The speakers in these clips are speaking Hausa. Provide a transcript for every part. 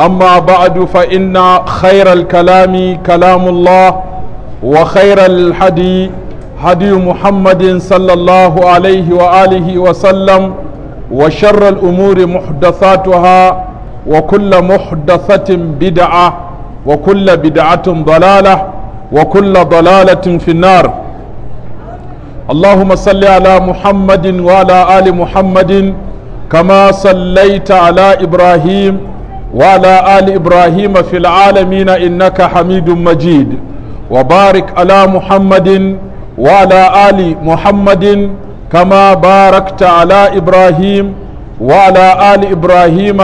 أما بعد فإن خير الكلام كلام الله وخير الحدي هدي محمد صلى الله عليه وآله وسلم وشر الأمور محدثاتها وكل محدثة بدعة وكل بدعة ضلالة وكل ضلالة في النار اللهم صل على محمد وعلى آل محمد كما صليت على إبراهيم وعلى آل إبراهيم في العالمين إنك حميد مجيد وبارك على محمد وعلى آل محمد كما باركت على إبراهيم وعلى آل إبراهيم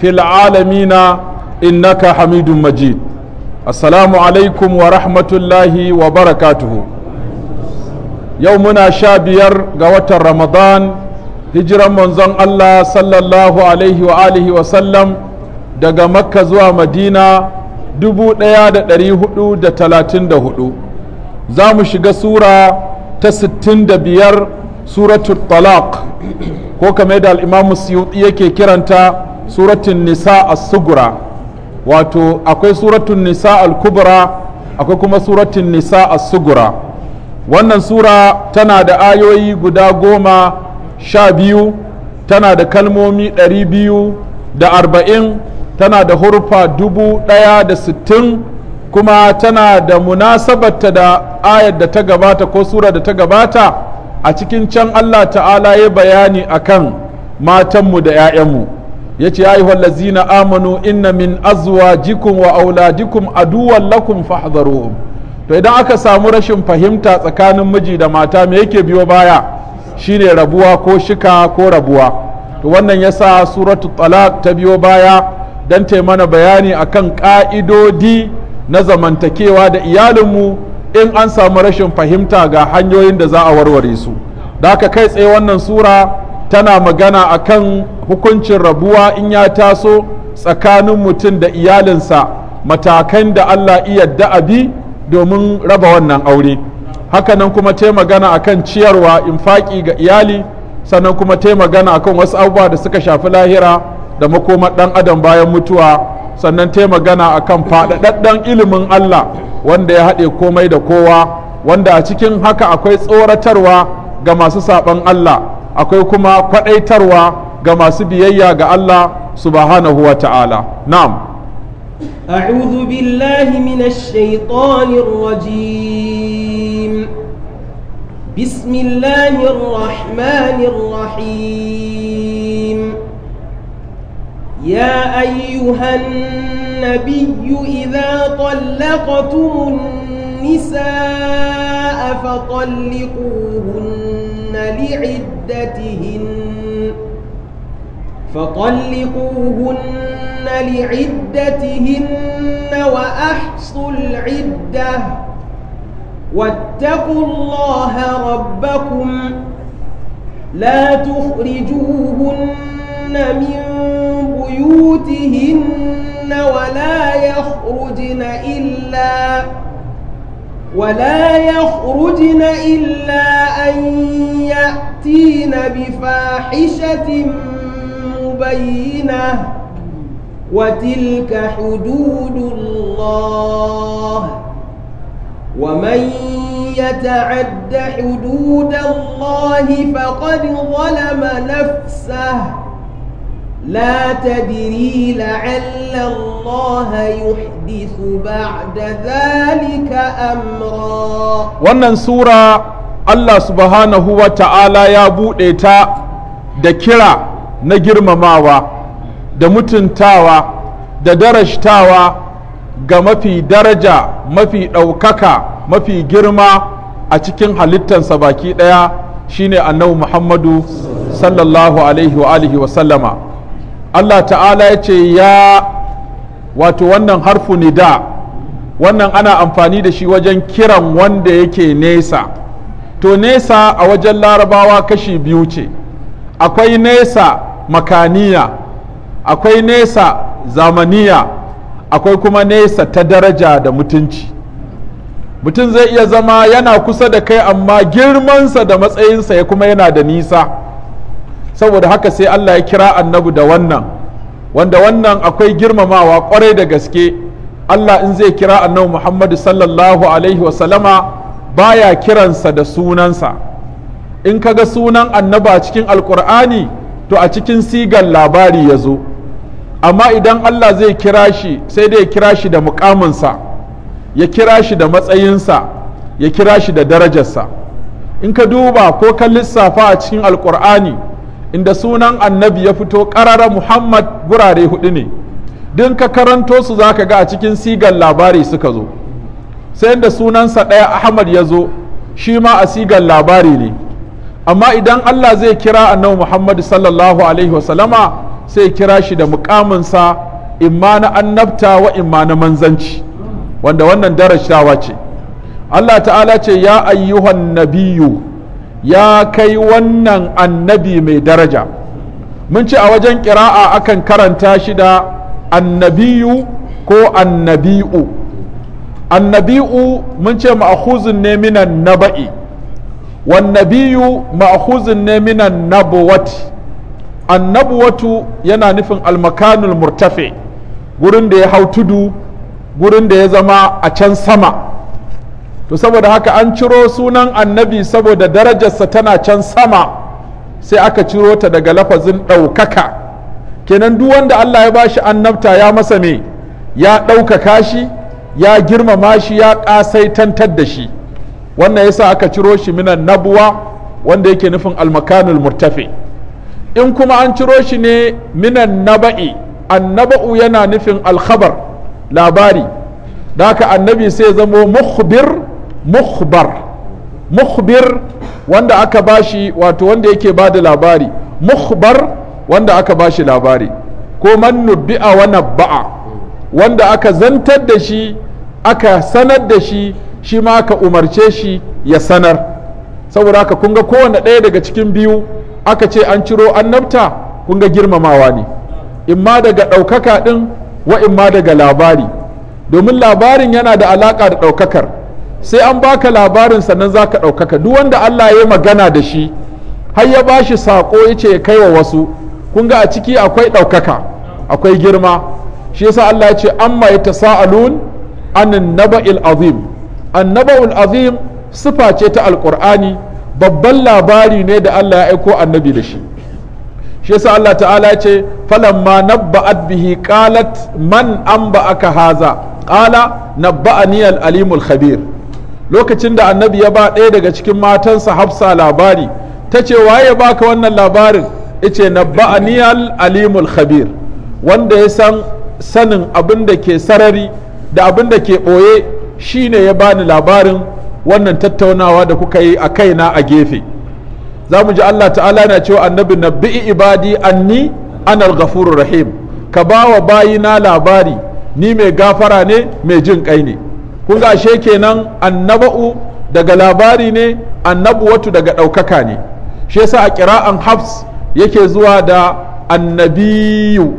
في العالمين إنك حميد مجيد السلام عليكم ورحمة الله وبركاته يومنا شابير قوة رمضان hijiran manzon Allah sallallahu alaihi wa alihi wa sallam daga makka zuwa madina 1434 za mu shiga sura ta 65 suratul talaq ko kame da al'imamu suyuti yake kiranta suratun nisa a sugura wato akwai suratun nisa al-kubra akwai kuma suratun nisa a sugura wannan sura tana da ayoyi guda goma sha biyu tana da kalmomi ɗari biyu da arba'in tana da hurfa dubu ɗaya da sittin kuma tana da munasabarta da ayar da ta gabata ko sura da ta gabata a cikin can Allah ta'ala ya bayani akan matanmu da 'ya'yanmu ya ce lazina amanu inna min azwajikum wa auladikum aduwan lakum fahdharuhum to idan aka samu rashin fahimta tsakanin miji da mata me yake biyo baya shine rabuwa ko shika ko rabuwa to wannan yasa suratul talaq ta biyo baya don mana bayani a kan ƙa'idodi na zamantakewa da iyalinmu in an samu rashin fahimta ga hanyoyin da za a warware su da aka kai tsaye wannan sura tana magana a kan hukuncin rabuwa in ya taso tsakanin mutum da iyalinsa matakan da Allah iya da'abi domin raba wannan aure hakanan kuma ta magana a kan ciyarwa infaki ga iyali sannan kuma ta magana a kan wasu abubuwa da suka shafi lahira da makomar ɗan adam bayan mutuwa sannan ta magana kan faɗaɗɗen ilimin Allah wanda ya haɗe komai da kowa wanda a cikin haka akwai tsoratarwa ga masu saɓan Allah akwai kuma kwaɗaitarwa ga masu biyayya ga Allah subhanahu wa ta'ala na'am أعوذ بسم الله الرحمن الرحيم يا أيها النبي إذا طلقتم النساء فطلقوهن لعدتهن فطلقوهن لعدتهن وأحصوا العدة واتقوا الله ربكم لا تخرجوهن من بيوتهن ولا يخرجن إلا ولا يخرجن إلا أن يأتين بفاحشة مبينة وتلك حدود الله ومن يتعد حدود الله فقد ظلم نفسه لا تدري لعل الله يحدث بعد ذلك أمرا wannan sura Allah subhanahu wa ta'ala ya buɗe ta da kira na girmamawa da mutuntawa da darashtawa ga mafi daraja mafi ɗaukaka mafi girma a cikin halittansa baki ɗaya shine annabi Muhammadu sallallahu alaihi wa alihi wa sallama Allah ta'ala ya ce ya wato wannan harfu nida wannan ana amfani da shi wajen kiran wanda yake nesa to nesa a wajen larabawa kashi biyu ce akwai nesa makaniya akwai nesa zamaniya akwai kuma nesa ta daraja da mutunci mutum zai iya zama yana kusa da kai amma girmansa da matsayinsa ya kuma yana da nisa saboda haka sai Allah ya kira annabu da wannan wanda wannan akwai girmamawa kwarai da gaske Allah in zai kira annabu Muhammadu sallallahu alaihi salama baya kiransa da sunansa in kaga sunan annaba cikin alkur'ani to a cikin sigan labari ya zo amma idan Allah zai kira shi sai dai ya kira shi da mukaminsa ya kira shi da matsayinsa ya kira shi da darajarsa in ka duba ko ka lissafa a cikin alkur'ani inda sunan annabi ya fito ƙarara muhammad gurare hudu ne din ka karanto su za ka ga a cikin sigar labari suka zo sai inda sunansa ɗaya ahmad ya zo shi ma a sigar labari ne amma idan allah zai kira annabi muhammad sallallahu alaihi wasallama sai kira shi da mukaminsa imma na annabta wa imma na manzanci wanda wannan darashawa ce allah ta'ala ce ya ayyuhan nabiyu ya kai wannan annabi mai daraja mun ce a wajen ƙira'a akan karanta shi da annabiyu ko annabi'u annabi'u mun ce ma'ahuzin ne minan naba'i wannabiyu ma'ahuzin ne minan nabuwati annabuwatu yana nufin almakanul murtafe gurin da ya hau tudu gurin da ya zama a can sama to saboda haka an ciro sunan annabi saboda darajarsa tana can sama sai aka ciro ta daga lafazin ɗaukaka kenan duk wanda Allah ya bashi annabta ya masa me ya ɗaukaka shi ya girmama shi ya ƙasaitantar da shi wannan yasa aka ciro shi minan nabuwa wanda yake nufin almakanul murtafi in kuma an ciro shi ne minan naba'i annaba'u yana nufin alkhabar labari da haka annabi sai zamo mukhbir mukhbar mukhbir wanda aka bashi wato wanda yake ba da labari mukhbar wanda aka bashi labari ko man nubbi'a wa nabba'a wanda aka zantar da shi aka sanar da shi shi ma aka umarce shi ya sanar saboda haka kunga kowane ɗaya daga cikin biyu aka ce an ciro annabta kunga girmamawa ne imma daga ɗaukaka ɗin wa imma daga labari domin labarin yana da alaƙa da ɗaukakar sai an baka labarin sannan za ka ɗaukaka duk wanda Allah ya magana da shi har ya bashi saƙo ya ce ya kai wa wasu kun ga a ciki akwai ɗaukaka akwai girma shi yasa Allah ya ce amma ya tasa'alun an naba'il azim annaba'ul azim sifa ce ta alƙur'ani babban labari ne da Allah ya aiko annabi da shi shi yasa Allah ta'ala ya ce falamma nabba'at bihi qalat man anba'aka haza qala nabba'ani al-alimul khabir lokacin da annabi ya ba ɗaya daga cikin matansa hafsa labari ta ce ya baka wannan labarin ice na ba'aniyal alimul khabir wanda ya san sanin abin da ke sarari da abin da ke ɓoye shine ya bani labarin wannan tattaunawa da kuka yi a kaina a gefe za mu ji allah ta'ala na cewa annabi na bi'i ibadi anni anar ghafurur rahim ka ba wa na labari ni mai gafara ne mai jin kai ne kun ga ashe kenan annaba'u daga labari ne annabuwatu daga ɗaukaka ne shi yasa a kira'an hafs yake zuwa da annabiyu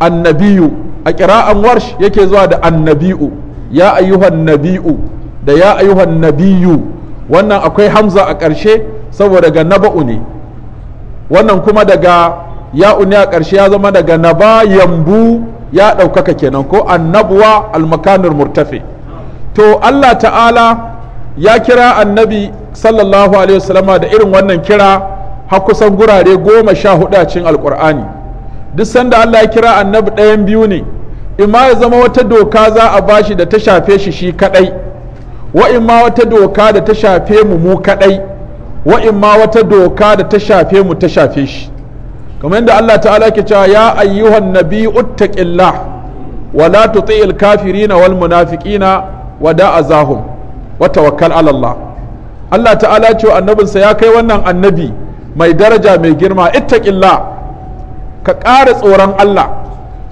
annabiyu a kira'an warsh yake zuwa da annabi'u ya ayyuhan nabi'u da ya ayyuhan nabiyu wannan akwai hamza a ƙarshe saboda daga naba'u ne wannan kuma daga ya'uni ne a ƙarshe ya zama daga naba yambu ya ɗaukaka kenan ko annabuwa almakanin murtafi to Allah ta'ala ya kira annabi sallallahu alaihi wasallam da irin wannan kira har kusan gurare goma sha hudu a cikin alkur'ani duk sanda Allah ya kira annabi ɗayan biyu ne imma ya zama wata doka za a bashi da ta shafe shi shi kadai wa imma wata doka da ta shafe mu mu kadai wa imma wata doka da ta shafe mu ta shafe shi kamar yadda Allah ta'ala ke cewa ya ayyuhan nabi uttaqillah wa la tuti'il kafirina wal munafiqina wada azahum wa tawakkal ala Allah Allah ta'ala ce annabinsa ya kai wannan annabi mai daraja mai girma ittaqillah ka ƙara tsoron Allah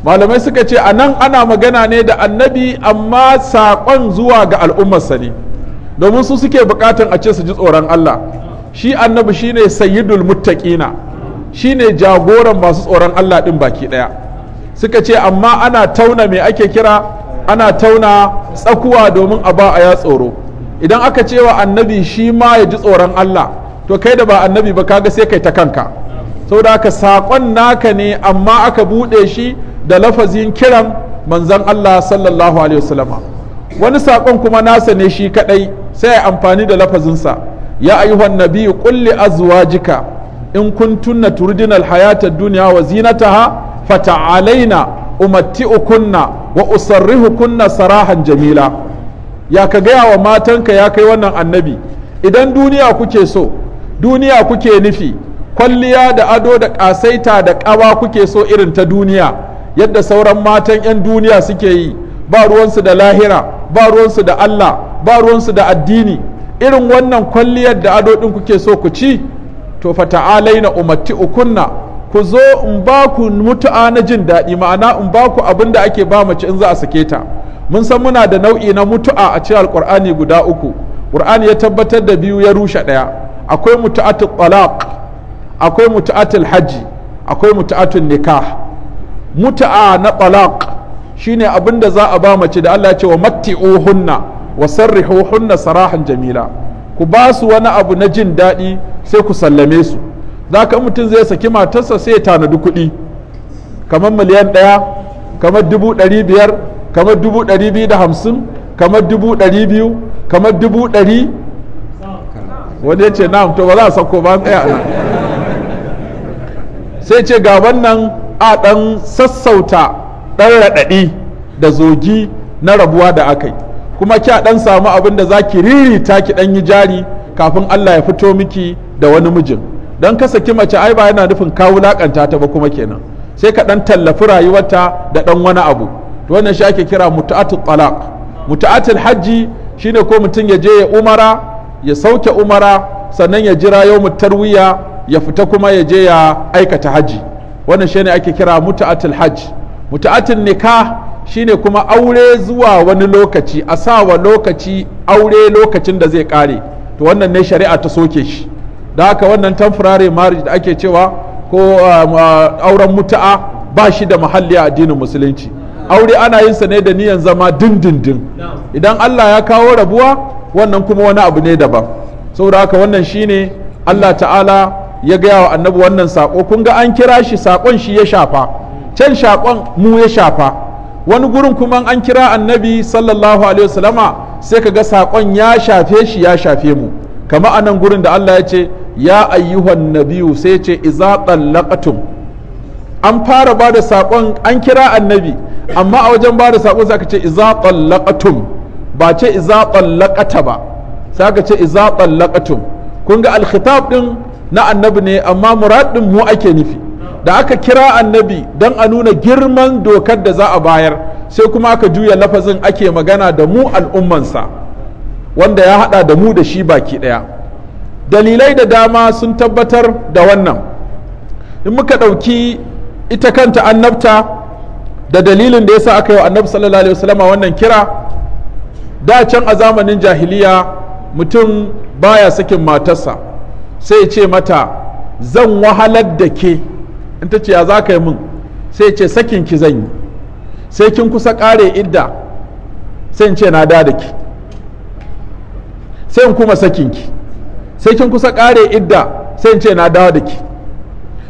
malamai suka ce a nan ana magana ne da annabi amma saƙon zuwa ga al'ummarsa ne domin su suke buƙatan a ce su ji tsoron Allah shi annabi shine sayyidul muttaqina shine jagoran masu tsoron Allah ɗin baki ɗaya suka ce amma ana tauna me ake kira ana tauna tsakuwa domin a ba a ya tsoro idan aka ce wa annabi shi ma ya ji tsoron Allah to kai da ba annabi ba kaga sai kai ta kanka Sau daka saƙon naka ne amma aka buɗe shi da lafazin kiran manzon Allah sallallahu alaihi wasallama wani saƙon kuma nasa ne shi kaɗai sai ya amfani da lafazinsa ya ayyuhan nabi kulli jika. in kun kuntunna turidina alhayata duniya wa zinataha fata'alaina umatti'ukunna wa usarrihukunna sarahan jamila ya ka gaya wa matanka ya kai wannan annabi idan duniya kuke so duniya kuke nufi kwalliya da ado da ƙasaita da ƙawa kuke so irin ta duniya yadda sauran matan 'yan duniya suke yi ba ruwansu da lahira ba ruwansu da Allah ba ruwansu da addini irin wannan kwalliyar da ado ɗin kuke so ku ci to fata'alaina ukunna ku zo in ba ku mutu'a na jin daɗi ma'ana in ba ku abin da ake ba mace in za a sake ta mun san muna da nau'i na mutu'a a cikin alƙur'ani guda uku ƙur'ani ya tabbatar da biyu ya rushe ɗaya akwai mutu'atul talaq akwai mutu'atul hajji akwai mutu'atul nikah mutu'a na talaq shine abin da za a ba mace da Allah ya ce wa matti'uhunna wa sarrihuhunna sarahan jamila ku ba su wani abu na jin daɗi sai ku sallame su za ka mutum zai saki matarsa sai ya tanadi kuɗi kamar miliyan ɗaya kamar dubu ɗari biyar kamar dubu ɗari biyu da hamsin kamar dubu ɗari biyu kamar dubu ɗari wani ya ce na to ba za a sako ba tsaya a nan sai ce ga wannan a ɗan sassauta ɗan raɗaɗi da zogi na rabuwa da aka yi kuma kya ɗan samu abin da za ki ririta ki ɗan yi jari kafin allah ya fito miki da wani mijin don ka saki mace ai ba yana nufin ka wulakanta ta ba kuma kenan sai ka dan tallafi rayuwarta da dan wani abu to wannan shi ake kira muta'atul talaq muta'atul hajji shine ko mutum ya je ya umara ya sauke umara sannan ya jira yau tarwiya ya fita kuma ya je ya aikata haji wannan shine ake kira muta'atul hajji muta'atul nikah shine kuma aure zuwa wani lokaci a sa wa lokaci aure lokacin da zai kare to wannan ne shari'a ta soke shi da haka wannan temporary marriage da ake cewa ko um, uh, auren mutu'a ba shi da muhalli a addinin musulunci aure ana yin sa ne da niyan zama dindindin idan Allah ya kawo rabuwa wannan kuma wani abu ne daban saboda haka wannan shine Allah ta'ala ya gaya wa annabi wannan sako kun ga an kira shi sakon shi ya shafa can shaƙon mu ya shafa wani gurin kuma an kira annabi sallallahu alaihi wasallama sai ka ga sakon ya shafe shi ya shafe mu kama anan gurin da Allah ya ce ya ayyuhan nabiyu sai ce iza tallaqatum an fara ba da saƙon an kira annabi amma a wajen ba da saƙon sai aka ce iza tallaqatum ba ce iza tallaqata ba sai aka ce iza tallaqatum kun ga alkhitab din na annabi ne amma murad din mu ake nufi da aka kira annabi don a nuna girman dokar da za a bayar sai kuma aka juya lafazin ake magana da mu al'ummansa wanda ya hada da mu da shi baki daya dalilai da dama sun tabbatar da wannan in muka ɗauki ita kanta annabta da dalilin da ya sa aka yi wa annabi sallallahu alaihi wasallama wannan kira da can a zamanin jahiliya mutum baya sakin matarsa sai ya ce mata zan wahalar da ke in ta ce ya za ka yi min sai ya ce sakin ki zan yi sai kin kusa kare idda sai in ce na da da ki sai in kuma sakin ki sai kin kusa kare idda sai in ce na dawo da ki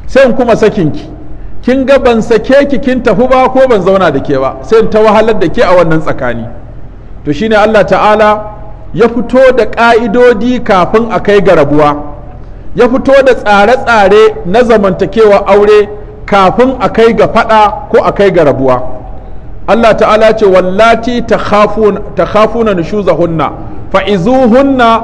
sai in kuma sakin ki kin ga ban sake ki kin tafi ba ko ban zauna da ke ba sai in ta wahalar da ke a wannan tsakani to shine Allah ta'ala ya fito da ka'idodi kafin a kai ga rabuwa ya fito da tsare-tsare na zamantakewa aure kafin a kai ga fada ko a kai ga rabuwa Allah ta'ala ce wallati ta khafuna nushuzahunna fa'izuhunna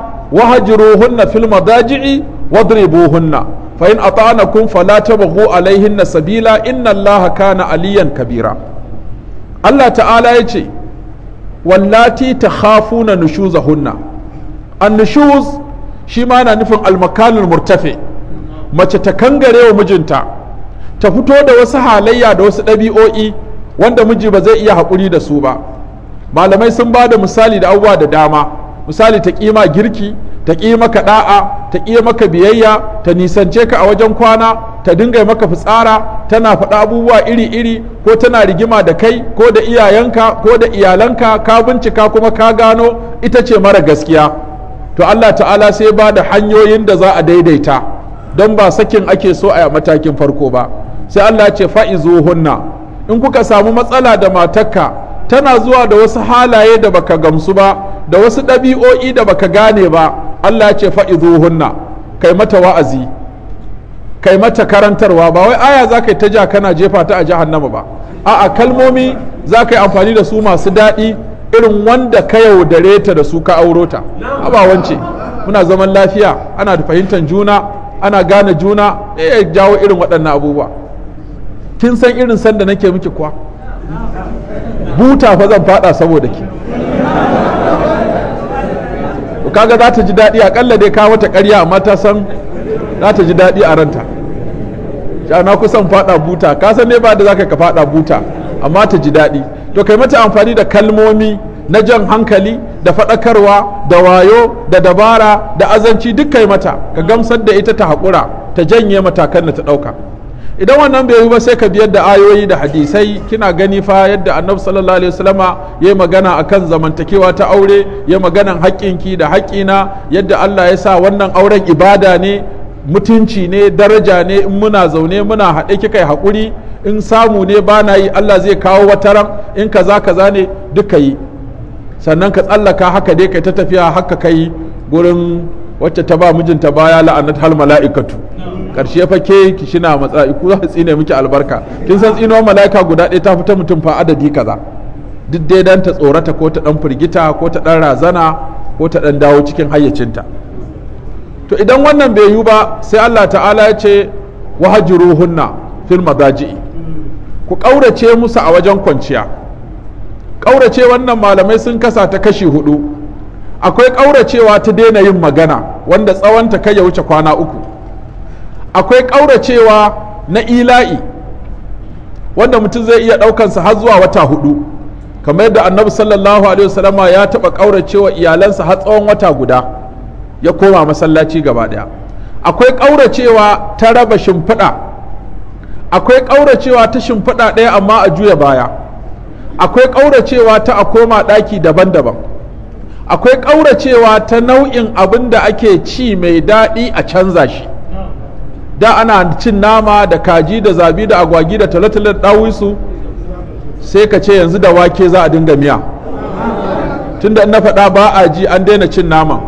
hunna, fil madaji'i wadribuhunna fa in ata'anakum fala tabghu alaihinna sabila inna allaha kana aliyan kabira Allah ta'ala ya ce wallati takhafuna nushuzahunna an nushuz shi ma na nufin almakalul murtafe, mace ta kangare wa mijinta ta fito da wasu halayya da wasu ɗabi'o'i wanda miji ba zai iya haƙuri da su ba malamai sun bada misali da abubuwa da dama misali ta ƙima girki ta ƙi maka da'a ta ƙi maka biyayya ta nisance ka a wajen kwana ta dinga maka fitsara tana faɗa abubuwa iri-iri ko tana rigima da kai ko da iyayenka ko da iyalanka ka bincika kuma ka gano ita ce mara gaskiya to Allah ta'ala sai ba da hanyoyin da za a daidaita don ba sakin ake so a matakin farko ba sai Allah ce fa'izu hunna in kuka samu matsala da matakka tana zuwa da wasu halaye da baka gamsu ba da wasu ɗabi'o'i da baka gane ba Allah ce hunna kai mata wa'azi kai mata karantarwa ba wai aya za ka yi ta ja kana jefa ta a jahannama ba a'a kalmomi za ka yi amfani da su masu daɗi irin wanda ka yaudare ta da su ka auro ta ba wance muna zaman lafiya ana da fahimtar juna ana gane juna eh, ya jawo irin waɗannan abubuwa kin san irin sanda nake miki kuwa buta fa zan faɗa saboda ki kaga za ta ji daɗi akalla dai ka ta ƙarya amma ta san za ta ji daɗi a ranta sha na kusan faɗa buta ka san ne ba da zaka ka faɗa buta amma ta ji daɗi to kai mata amfani da kalmomi na jan hankali da faɗakarwa da wayo da dabara da azanci duk kai mata ka gamsar da ita ta haƙura ta janye matakan da ta ɗauka idan wannan bai yi ba sai ka biyar da ayoyi da hadisai kina gani fa yadda annabi sallallahu alaihi wasallama yayi magana akan zamantakewa ta aure ya maganan haƙƙinki da haƙƙina yadda Allah ya sa wannan auren ibada ne mutunci ne daraja ne in muna zaune muna haɗe kika yi haƙuri in samu ne ba na yi Allah zai kawo wata ran in kaza kaza ne duka yi sannan ka tsallaka haka dai kai ta tafiya haka kai gurin wacce ta ba mijinta baya la'anat hal mala'ikatu karshe fa ke ki shina matsayi ku za su tsine miki albarka kin san tsinuwar mala'ika guda ɗaya ta fita mutum fa adadi kaza duk dai dan ta tsorata ko ta dan firgita ko ta dan razana ko ta dan dawo cikin hayyacinta to idan wannan bai yi ba sai Allah ta'ala ya ce wahjuruhunna fil madaji ku kaurace musu a wajen kwanciya kaurace wannan malamai sun kasa ta kashi hudu akwai kauracewa ta daina yin magana wanda tsawonta kai ya wuce kwana uku akwai ƙauracewa na ila'i wanda mutum zai iya ɗaukansa har zuwa wata hudu kamar yadda annabi sallallahu alaihi wasallama ya taɓa ƙauracewa iyalansa har tsawon wata guda ya koma masallaci gaba ɗaya akwai ƙauracewa ta raba shimfiɗa akwai ƙauracewa ta shimfiɗa ɗaya amma a juya baya akwai ƙauracewa ta a koma ɗaki daban-daban akwai ƙauracewa ta nau'in abin da ake ci mai daɗi a canza shi da ana cin nama da kaji da zabi da agwagi da talatalar da ɗawisu sai ka ce yanzu da wake za a dinga miya tunda da na faɗa ba a ji an daina cin nama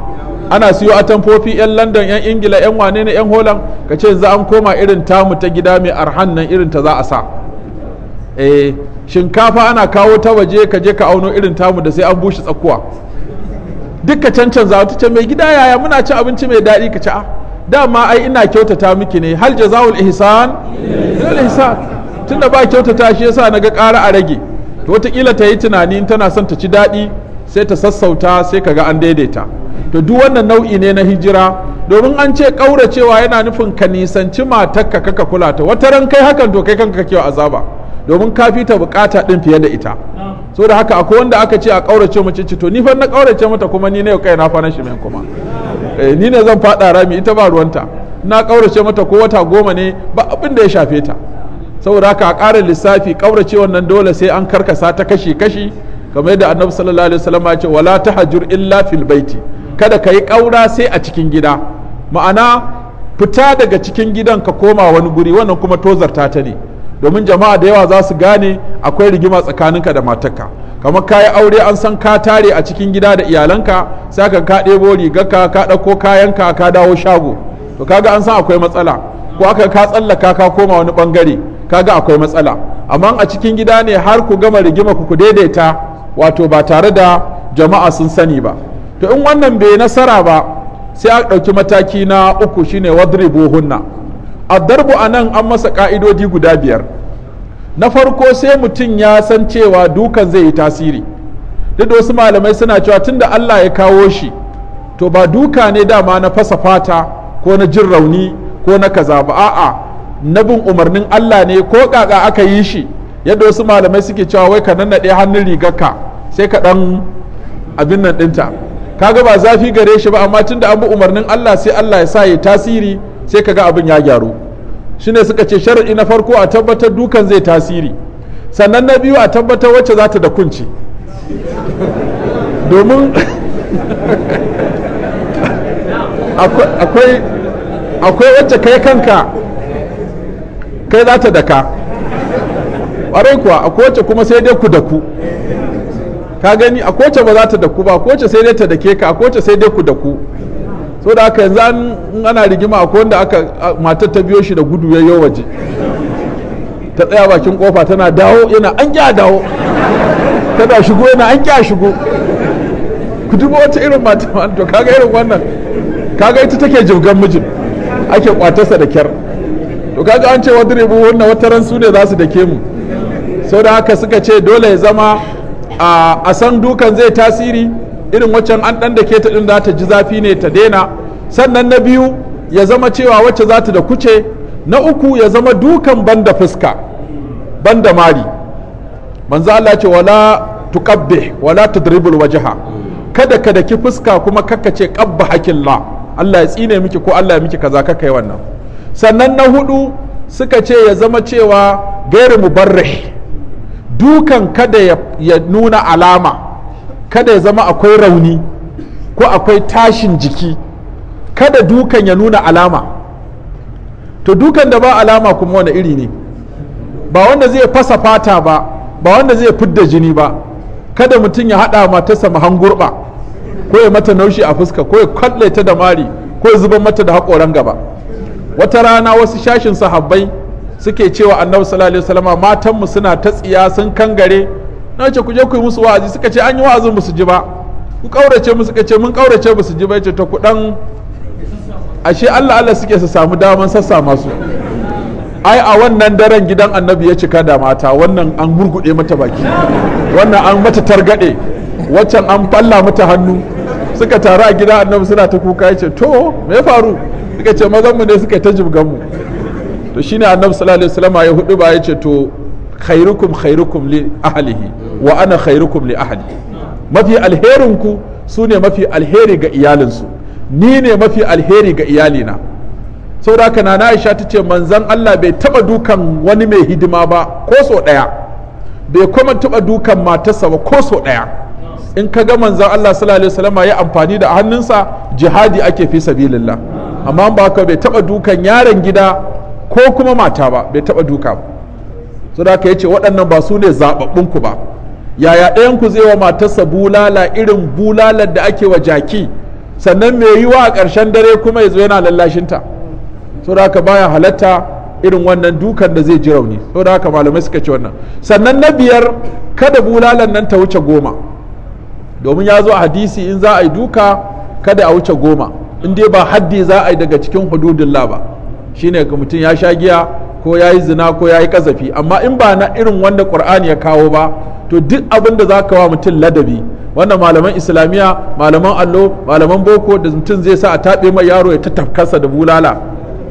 ana siyo a tamfofi 'yan london 'yan ingila 'yan wane na 'yan holan ka ce yanzu an koma irin tamu ta gida mai arhan nan irin ta za a sa eh shinkafa ana kawo ta waje ka je ka auno irin tamu da sai an bushe tsakuwa duk ka za ta ce mai gida yaya muna cin abinci mai daɗi ka ci a ah, dama ai ina kyautata miki ne hal jaza'ul ihsan ilal ihsan tunda ba kyautata shi yasa naga ƙara a rage to wataƙila ta yi tunani tana son ta ci daɗi sai ta sassauta sai kaga an daidaita to duk wannan nau'i ne na hijira domin an ce ƙauracewa yana nufin ka nisanci matarka kaka kula ta wata ran kai hakan to kai kanka kake azaba domin ka fi ta bukata din fiye da ita so da haka akwai wanda aka ce a ƙaurace mace ce to ni fa na ƙaurace mata kuma ni ne kai na fa na shi kuma Eh, ni ne zan fada rami ita ba ruwanta na kaurace mata ko wata goma ne ba abin da ya shafe ta saboda haka a ƙarin lissafi kaurace wannan dole sai an karkasa ta kashi kashi kamar yadda annabi sallallahu alaihi wasallam ya ce wala tahajur illa fil baiti kada ka yi kaura sai a cikin gida ma'ana fita daga cikin gidan ka koma wani guri wannan kuma tozarta ta ne domin jama'a da yawa za su gane akwai rigima tsakaninka da matarka kamar kayi aure an san ka tare a cikin gida da iyalanka sai ka ka ɗebo rigarka ka ɗauko kayanka ka dawo shago to kaga an san akwai matsala ko aka ka tsallaka ka koma wani bangare kaga akwai matsala amma a cikin gida ne har ku gama rigima ku daidaita wato ba tare da jama'a sun sani ba to in wannan bai nasara ba sai a ɗauki mataki na uku shine wadribuhunna addarbu anan an masa ka'idodi guda biyar na farko sai mutum ya san cewa dukan zai yi tasiri duk wasu malamai suna cewa tunda Allah ya kawo shi to ba duka ne dama na fasa fata ko na jin rauni ko na kaza ba a'a na bin umarnin Allah ne ko kaka aka yi shi yadda wasu malamai suke cewa wai ka nannaɗe hannun rigarka sai ka ɗan abin nan ɗinta kaga ba zafi gare shi ba amma tunda an bi umarnin Allah sai Allah ya sa ya tasiri sai ka ga abin ya gyaru shine suka ce shar'i na farko a tabbatar dukan zai tasiri sannan na biyu a tabbatar wacce za ta da kunci domin akwai wacce kai kanka kai za ta daka ƙwarai kuwa akwai wacce kuma sai dai ku da ku ka gani akwai wacce ba za ta ku ba akwai wacce sai dai ta dake ka akwai wacce sai dai ku da ku. so da haka yanzu an ana rigima a wanda aka matar ta biyo shi da gudu ya yi waje ta tsaya bakin kofa tana dawo yana an kya dawo tana shigo yana an kya shigo ku duba wata irin mata to kaga irin wannan kaga ita take jirgan mijin ake kwatarsa da kyar to kaga an ce rebu wannan wata su ne za su dake mu sau da haka suka ce dole ya zama a san dukan zai tasiri irin waccan an ɗan da ke ɗin za ta ji zafi ne ta daina sannan na biyu ya zama cewa wacce za ta da kuce na uku ya zama dukan banda fuska banda mari manzo Allah ce wala tuqabbih wala tudribul wajha kada ka daki fuska kuma kaka ce qabba hakilla Allah ya tsine miki ko Allah ya miki kaza kaka yi wannan sannan na hudu suka ce ya zama cewa gairu mubarrih dukan kada ya nuna alama kada ya zama akwai rauni ko akwai tashin jiki kada dukan ya nuna alama to dukan da ba alama kuma wani iri ne ba wanda zai fasa fata ba ba wanda zai fidda jini ba kada mutum ya haɗa matarsa hangurba ko ya mata naushi a fuska ko ya kwalle ta da mari ko ya zuba mata da haƙoran gaba wata rana wasu shashin sahabbai suke cewa annabi sallallahu alaihi wasallama matanmu suna ta tsiya sun kangare na ce ku je ku yi musu wa'azi suka ce an yi wa'azin ba su ji ba ku kaurace mu suka ce mun kaurace ba su ji ba ya ce ta kudan ashe Allah Allah suke su samu daman sassa masu ai a wannan daren gidan annabi ya cika da mata wannan an gurgude mata baki wannan an mata targade waccan an falla mata hannu suka taru a gidan annabi suna ta kuka ya ce to me ya faru suka ce mazan mu ne suka ta jibgan mu to shine annabi sallallahu alaihi wasallam ya hudu ba ya ce to khairukum khairukum li ahlihi wa ana khairukum li ahli mafi alherin ku sune mafi alheri ga iyalinsu ni ne mafi alheri ga iyalina saboda haka na Aisha ta ce manzan Allah bai taba dukan wani mai hidima ba ko so daya bai kuma taba dukan matarsa ba ko so daya in ka ga manzan Allah sallallahu alaihi wasallam ya amfani da hannunsa jihadi ake fi sabilillah amma ba ka bai taba dukan yaron gida ko kuma mata ba bai taba duka ba su da ya ce waɗannan ba su ne zaɓaɓɓunku ku ba yaya ɗayan ku zai wa matarsa bulala irin bulalar da ake wa jaki sannan mai wa a ƙarshen dare kuma ya zo yana lallashinta su da baya halatta irin wannan dukan da zai ji rauni su da malamai suka ce wannan sannan na biyar kada bulalan nan ta wuce goma domin ya zo a hadisi in za a yi duka kada a wuce goma in dai ba haddi za a yi daga cikin hududun ba shine ga mutum ya sha giya ko ya yi zina ko ya yi kazafi amma in ba na irin wanda qur'ani ya kawo ba to duk abin da za ka wa mutum ladabi wannan malaman islamiyya malaman allo malaman boko da mutum zai sa a taɓe mai yaro ya ta tafkarsa da bulala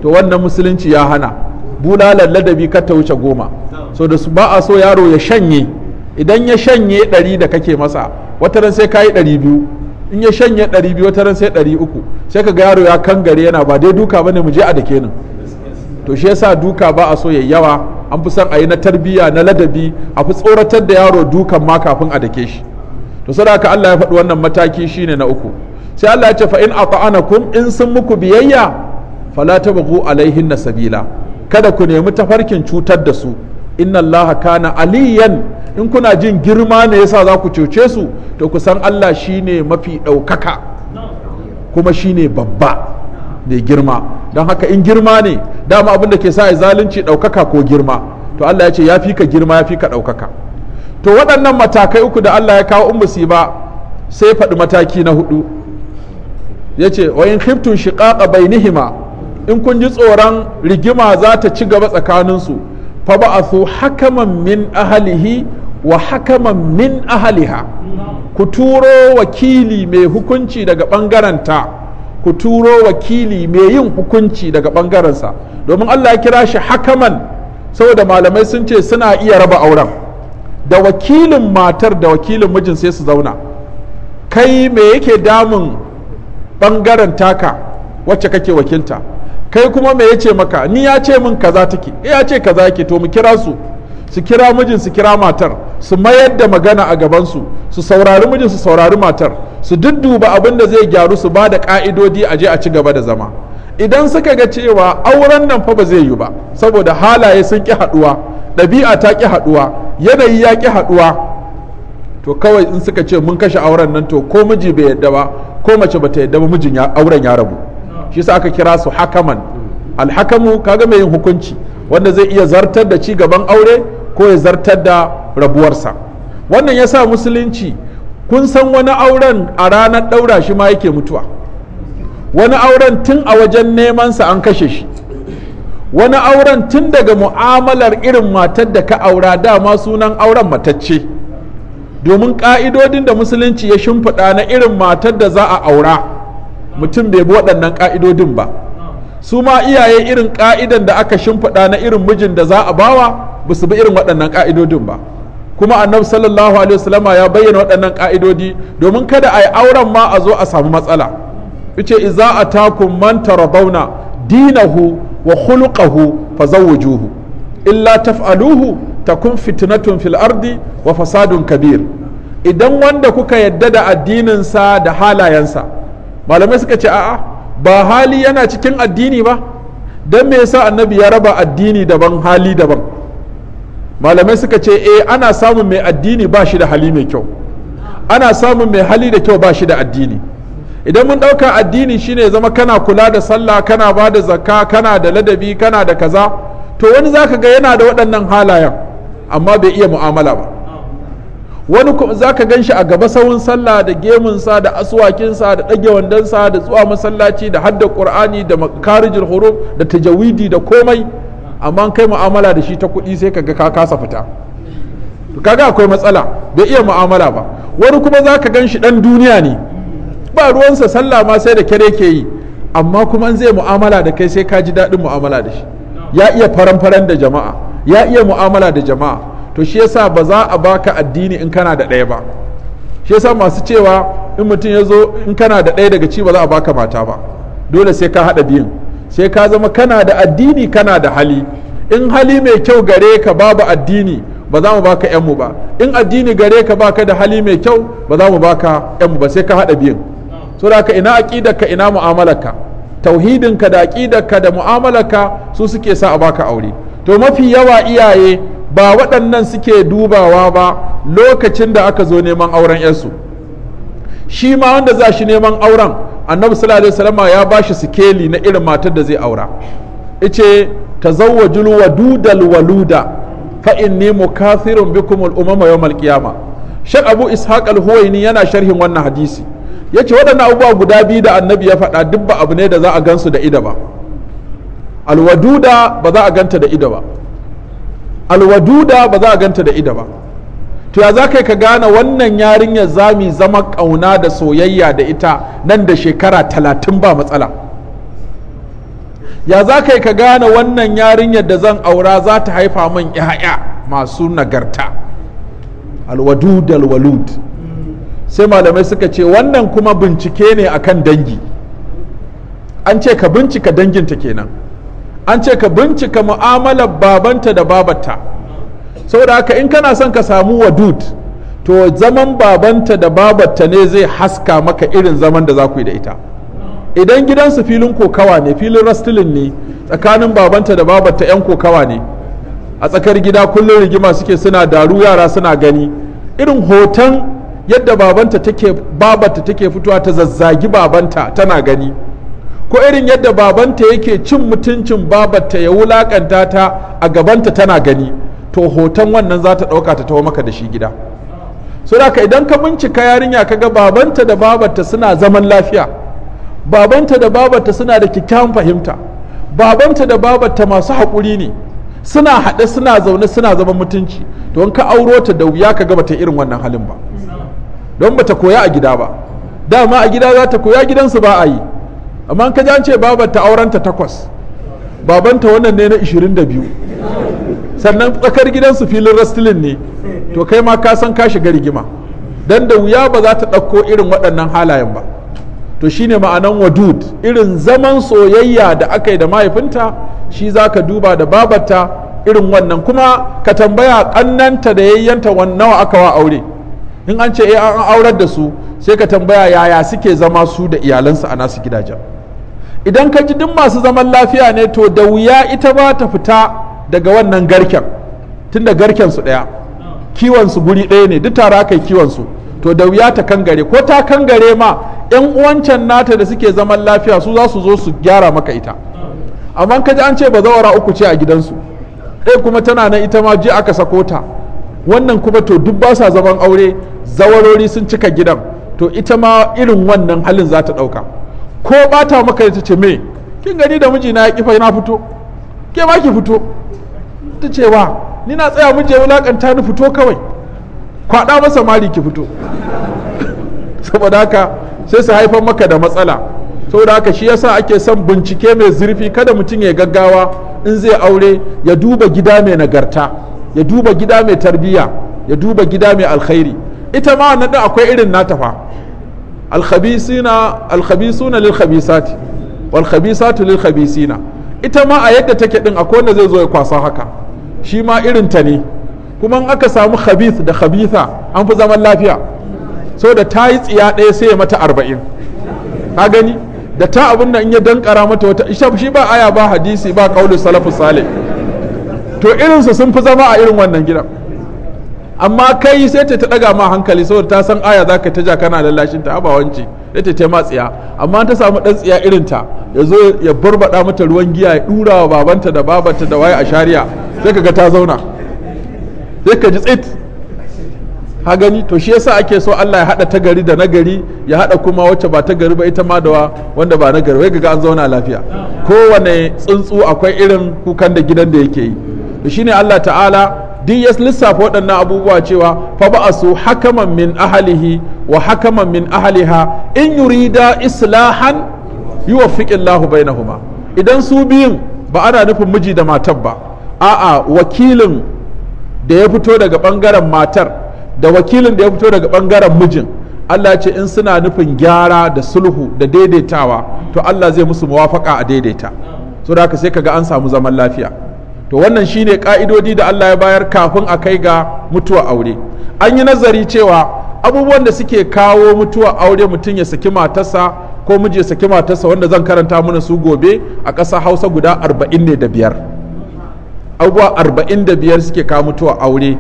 to wannan musulunci ya hana bulalar ladabi kar ta wuce goma so da su ba a so yaro ya shanye idan ya shanye ɗari da kake masa wata ran sai ka yi ɗari biyu in ya shanye ɗari biyu wata ran sai ɗari uku sai ka ga yaro ya kangare yana ba dai duka bane mu je a da kenan to shi yasa duka ba a so yawa an fi son a yi na tarbiyya na ladabi a fi tsoratar da yaro dukan ma kafin a dake shi to sadaka Allah ya faɗi wannan mataki shine na uku sai Allah ya ce fa in ata'anakum in sun muku biyayya fala tabghu alaihin sabila kada ku nemi tafarkin cutar da su inna Allah kana aliyan in kuna jin girma ne yasa za ku cuce su to ku san Allah shine mafi ɗaukaka kuma shine babba mai girma don haka in girma ne dama abin ke sa zalunci ɗaukaka ko girma to Allah ya ce ya fi ka girma ya fi ka ɗaukaka to waɗannan matakai uku da Allah ya kawo in musiba sai faɗi mataki na hudu ya ce wa in khiftun shiqaqa bainihima in kun ji tsoron rigima za ta ci gaba tsakaninsu fa ba'athu hakaman min ahlihi wa hakaman min ahaliha ku turo wakili mai hukunci daga ta. ku turo wakili mai yin hukunci daga ɓangarensa domin Allah ya kira shi hakaman saboda malamai sun ce suna iya raba auren da wakilin matar da wakilin mijin sai su zauna kai me yake damun bangaren taka wacce kake wakilta kai kuma me yace maka ni ya ce min kaza take eh, ya ce kaza yake to mu kira su su kira mijin su kira matar su mayar da magana a gabansu su saurari mijin su saurari matar su dudduba abin da zai gyaru su ba da ka'idodi a je a ci gaba da zama idan suka ga cewa auren nan fa ba zai yi ba saboda halaye sun ki haduwa ɗabi'a ta ki haɗuwa yanayi ya ki haɗuwa to kawai in suka ce mun kashe auren nan to ko miji bai yadda ba ko mace ba ta yadda ba mijin auren ya rabu shi sa aka kira su hakaman alhakamu kaga mai yin hukunci wanda zai iya zartar da ci gaban aure ko ya zartar da rabuwarsa wannan ya sa musulunci kun san wani auren a ranar ɗaura shi ma yake mutuwa wani auren tun a wajen neman nemansa an kashe shi wani auren tun daga mu'amalar irin matar da ka aura dama sunan auren matacce domin ka'idodin da musulunci ya shimfiɗa na irin matar da za a aura mutum bai bi waɗannan ka'idodin ba su ma iyaye irin ka'idan da aka shimfiɗa na irin mijin da za a bawa ba su bi irin waɗannan ka'idodin ba kuma annabi sallallahu alaihi wasallam ya bayyana waɗannan ka'idodi domin kada a yi auren ma a zo a samu matsala yace iza atakum man taradawna dinahu wa khuluquhu fazawwijuhu illa taf'aluhu takun fitnatun fil ardi wa fasadun kabir idan wanda kuka yadda da addininsa da halayensa malamai suka ce a'a ba hali yana cikin addini ba don me yasa annabi ya raba addini daban hali daban malamai suka ce eh ana samun mai addini ba shi da hali mai kyau ana samun mai hali da kyau ba shi da addini idan mun ɗauka addini shine zama kana kula da sallah kana ba da zakka kana da ladabi kana da kaza to wani zaka ga yana da waɗannan halayen amma bai iya mu'amala ba wani zaka gan shi a gaba sawun sallah da gemunsa da aswakinsa da ɗage wandonsa da zuwa masallaci da hadda qur'ani da makarijin huruf da tajawidi da komai amma kai mu'amala da shi ta kuɗi sai ka ga ka kasa fita to kaga akwai matsala bai iya mu'amala ba wani kuma za ka gan shi ɗan duniya ne ba ruwansa sallah ma sai da kere ke yi amma kuma an zai mu'amala da kai sai ka ji daɗin mu'amala da shi ya iya faran-faran da jama'a ya iya mu'amala da jama'a to shi yasa ba za a baka addini in kana da ɗaya ba shi yasa masu cewa in mutum ya zo in kana da ɗaya daga ci ba za a baka mata ba dole sai ka haɗa biyun sai ka zama kana da addini kana da hali in hali mai kyau gare ka babu addini ba za mu baka yanmu ba in addini gare ka baka da hali mai kyau ba za mu baka yanmu ba sai ka hada biyun so da ka ina aqidarka ina mu'amalarka tauhidinka da aqidarka da mu'amalarka su suke sa a baka aure to mafi yawa iyaye ba waɗannan suke dubawa ba lokacin da aka zo neman auren yansu shi ma wanda za shi neman auren annabi sallallahu alaihi wasallama ya bashi sikeli na irin matar da zai aura ice tazawwajul wadudal waluda fa inni mukathirun bikum al umama al qiyama shek abu ishaq al huwaini yana sharhin wannan hadisi yace waɗannan abubuwa guda biyu da annabi ya faɗa duk abu ne da za a gansu da ida ba alwaduda ba za a ganta da ida ba waduda ba za a ganta da ida ba to ya za ka ka gane wannan za mu zama ƙauna da soyayya da ita nan da shekara talatin ba matsala ya za ka ka gane wannan yarinyar da zan aura za ta haifa min ya'ya masu nagarta alwadud alwalud sai malamai suka ce wannan kuma bincike ne akan dangi an ce ka bincika danginta kenan an ce ka bincika mu'amalar babanta da babarta sau da haka in kana son ka samu wadud to zaman babanta da babarta ne zai haska maka irin zaman da za ku yi da ita idan gidansu filin kokawa ne filin rastilin ne tsakanin babanta da babarta 'yan kokawa ne a tsakar gida kullum rigima suke suna daru yara suna gani irin hoton yadda babanta take babarta take fitowa ta zazzagi babanta tana gani ko irin yadda babanta yake cin mutuncin babarta ya wulakanta ta a gabanta tana gani to hoton wannan za ta ɗauka ta tawo maka da shi gida so ka idan ka bincika yarinya ka ga babanta da babarta suna zaman lafiya babanta da babarta suna da kyakkyawan fahimta babanta da babarta masu haƙuri ne suna haɗe suna zaune suna zaman mutunci to in ka auro ta da wuya ka gaba bata irin wannan halin ba don bata koya a gida ba dama a gida za ta koya gidansu ba a yi amma ka ji ce babarta aurenta takwas babanta wannan ne na da biyu. sannan tsakar gidansu filin rastilin ne to kai ma ka san ka shiga rigima dan da wuya ba za ta ɗauko irin waɗannan halayen ba to shine ma'anan wadud irin zaman soyayya da aka yi da mahaifinta shi za ka duba da babarta irin wannan kuma ka tambaya ƙannanta da yayyanta nawa aka wa aure in an ce eh, an aurar da su sai ka tambaya yaya suke zama su da iyalansu a nasu gidajen idan ka ji duk masu zaman lafiya ne to da wuya ita ba ta fita daga wannan garken tun da garken su ɗaya kiwon su guri ɗaya ne duk tare aka yi kiwon su to da wuya ta kangare ko ta kangare ma yan uwancan nata da suke zaman lafiya su za su zo su gyara maka ita amma ka ji an ce ba zawara uku ce a gidansu ɗaya kuma tana nan ita ma ji aka sako ta wannan kuma to duk ba sa zaman aure zawarori sun cika gidan to ita ma irin wannan halin za ta ɗauka ko ta maka ita ce me kin gani da mijina ya kifa na fito ke ma ki fito ta cewa ni na tsaya muje wulakanta ni fito kawai kwada masa mari ki fito saboda haka sai su haifar maka da matsala saboda haka shi yasa ake son bincike mai zurfi kada mutum ya gaggawa in zai aure ya duba gida mai nagarta ya duba gida mai tarbiyya ya duba gida mai alkhairi ita ma wannan din akwai irin nata fa alkhabisina alkhabisuna lilkhabisati walkhabisatu lilkhabisina ita ma a yadda take din akwai wanda zai zo ya kwasa haka shi ma irin ta ne kuma in aka samu khabith da khabitha an fi zaman lafiya so da ta yi tsiya ɗaya sai ya mata arba'in ka gani da ta abin da in ya dankara mata wata shi ba aya ba hadisi ba kaulu salafu sale to irinsu sun fi zama a irin wannan gidan amma kai sai ta daga ma hankali saboda ta san aya za ka ta ja kana lallashin ta ba wance sai ta ma tsiya amma ta samu ɗan tsiya irin ta ya zo ya barbada mata ruwan giya ya dura wa babanta da babanta da waye a shari'a sai ga ta zauna sai ka ji tsit ha gani to shi yasa ake so Allah ya hada ta gari da nagari ya hada kuma wacce ba ta gari ba ita ma da wanda ba nagari wai kaga an zauna lafiya kowane tsuntsu akwai irin kukan da gidan da yake yi to shine Allah ta'ala din ya lissafa waɗannan abubuwa cewa fa ba'asu hakaman min ahalihi wa hakaman min ahaliha in yurida islahan lahu yi na nahuma idan su biyun ba ana nufin miji da matar ba a'a wakilin da ya fito daga bangaren matar da wakilin da ya fito daga ɓangaren mijin Allah ce in suna nufin gyara da sulhu da daidaitawa to Allah zai musu muwafaka a daidaita so da haka sai kaga an samu zaman lafiya to wannan shine ka'idodi da Allah ya bayar kafin a kai ga mutuwa aure an yi nazari cewa abubuwan da suke kawo mutuwa aure mutum ya saki matarsa ko miji ya saki matarsa wanda zan karanta mana su gobe a ƙasa hausa guda arba'in ne da biyar abubuwa arba'in da biyar suke kawo mutuwa aure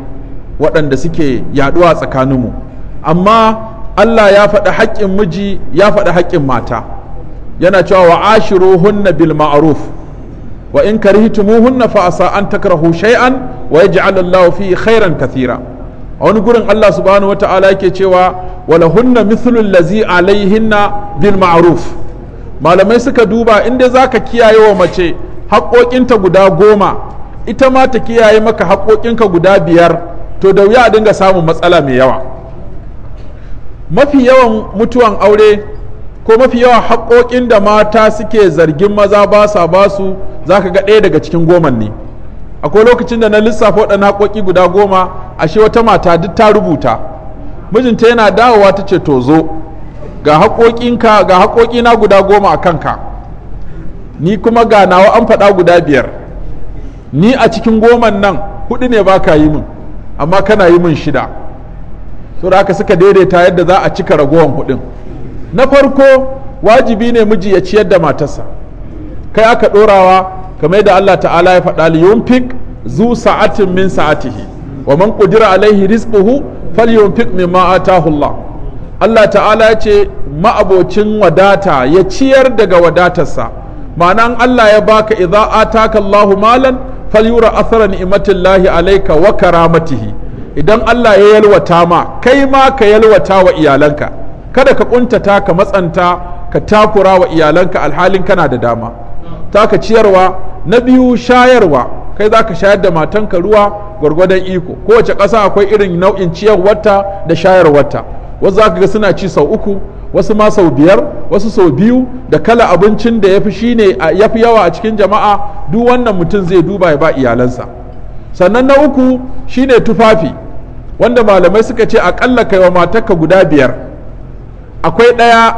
waɗanda suke yaɗuwa tsakaninmu amma allah ya faɗi haƙƙin miji ya faɗi haƙƙin mata yana cewa wa ashiruhunna bil ma'ruf wa in karihtumuhunna fa asa an takrahu shay'an wa yaj'al Allahu fihi khairan kathira a wani gurin Allah subhanahu wata'ala yake cewa walahunna mithlul lazi alaihinna bil ma'ruf malamai suka duba inda zaka kiyaye wa mace haƙoƙinta guda goma ita ma ta kiyaye maka haƙoƙinka guda biyar to da wuya a dinga samun matsala mai yawa mafi yawan mutuwan aure ko mafi yawan haƙoƙin da mata suke zargin maza ba sa ba za ka ga ɗaya daga cikin goman ne akwai lokacin da na lissafa waɗannan haƙoƙi guda goma ashe wata mata duk ta rubuta mijinta yana dawowa ta ce to zo ga haƙoƙinka ga guda goma a kanka ni kuma ga nawa an faɗa guda biyar ni a cikin goman nan hudu ne ba ka yi min amma kana yi min shida so da aka suka daidaita yadda za a cika ragowan hudun na farko wajibi ne miji ya ciyar da matarsa kai aka ɗorawa kamar yadda Allah ta'ala ya faɗa liyunfik zu sa'atin min sa'atihi wa man qudira alaihi rizquhu falyunfik mimma atahu Allah Allah ta'ala ya ce ma'abocin wadata ya ciyar daga wadatarsa ma'anan Allah ya baka idza ataka Allahu malan falyura athara ni'matillahi alayka wa karamatihi idan Allah ya yalwata ma kai ma ka yalwata wa iyalanka kada ka kuntata ka matsanta ka takura wa iyalanka alhalin kana da dama taka ciyarwa na biyu shayarwa kai za ka shayar da matanka ruwa gwargwadon iko kowace ƙasa akwai irin nau'in ciyarwarta da shayarwarta wasu za ka ga suna ci sau uku wasu ma sau biyar wasu sau biyu da kala abincin da ya fi shine ya fi yawa a cikin jama'a duk wannan mutum zai duba ya ba iyalansa sannan na uku shine tufafi wanda malamai suka ce aƙalla kai wa matarka guda biyar akwai ɗaya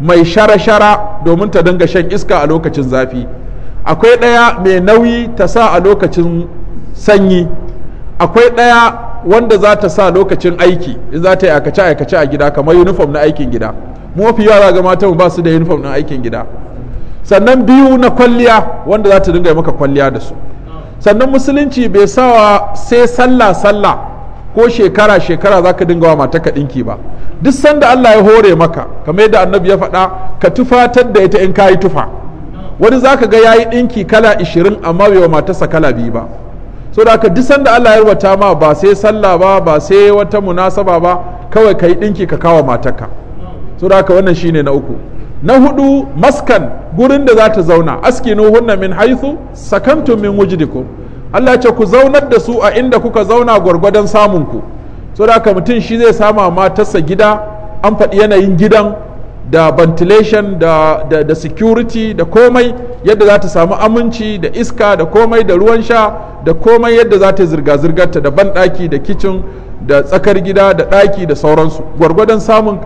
mai shara-shara domin ta dinga shan iska a lokacin zafi akwai ɗaya mai nauyi ta sa a lokacin sanyi akwai ɗaya wanda za ta sa lokacin aiki in za ta yi aikace aikace a gida kamar uniform na aikin gida mu mafi yawa ga matan ba su da uniform na aikin gida sannan biyu na kwalliya wanda za ta dinga maka kwalliya da su sannan musulunci bai sawa sai sallah sallah ko shekara shekara za ka dinga wa mata ka ɗinki ba duk sanda Allah ya hore maka kamar yadda annabi ya faɗa ka tufatar da ita in ka yi tufa wani zaka ga ya yi ɗinki kala 20 amma bai wa matarsa kala biyu ba so da disan sanda Allah ya rubuta ma ba sai sallah ba ba sai wata munasaba ba kawai ka yi ɗinki ka kawo matarka so da wannan shine na uku na hudu maskan gurin da za ta zauna askinu hunna min haithu sakantum min wujdikum Allah ce ku zaunar da su a inda kuka zauna gwargwadon samunku so da mutum shi zai sama matarsa gida an faɗi yanayin gidan da ventilation da, da, da security da komai yadda za ta samu aminci da iska da komai da ruwan sha da komai yadda za ta zirga-zirgarta da banɗaki da kicin da tsakar gida da ɗaki da sauransu gwargwadon samun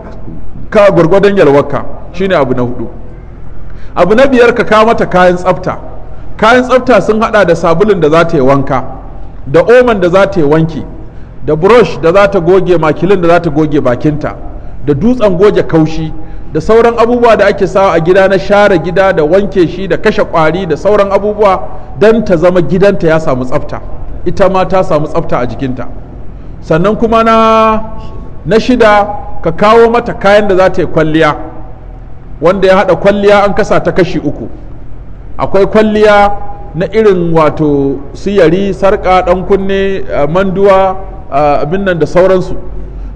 ka gwargwadon yalwarka shine abu na hudu abu na biyar ka kawo mata kayan tsafta kayan tsafta sun hada da sabulun da za ta yi wanka da oman da za ta yi wanki da brush da za ta goge makilin da za ta goge bakinta da dutsen goge kaushi da sauran abubuwa da ake sawa a gida na share gida da wanke shi da kashe kwari da sauran abubuwa don ta zama gidanta ya samu tsafta ita ma ta samu tsafta a jikinta sannan kuma na na shida ka kawo mata kayan da za ta yi kwalliya wanda ya haɗa kwalliya an kasa ta kashi uku akwai kwalliya na irin wato siyari sarƙa ɗan kunne eh, manduwa eh, abin nan da sauransu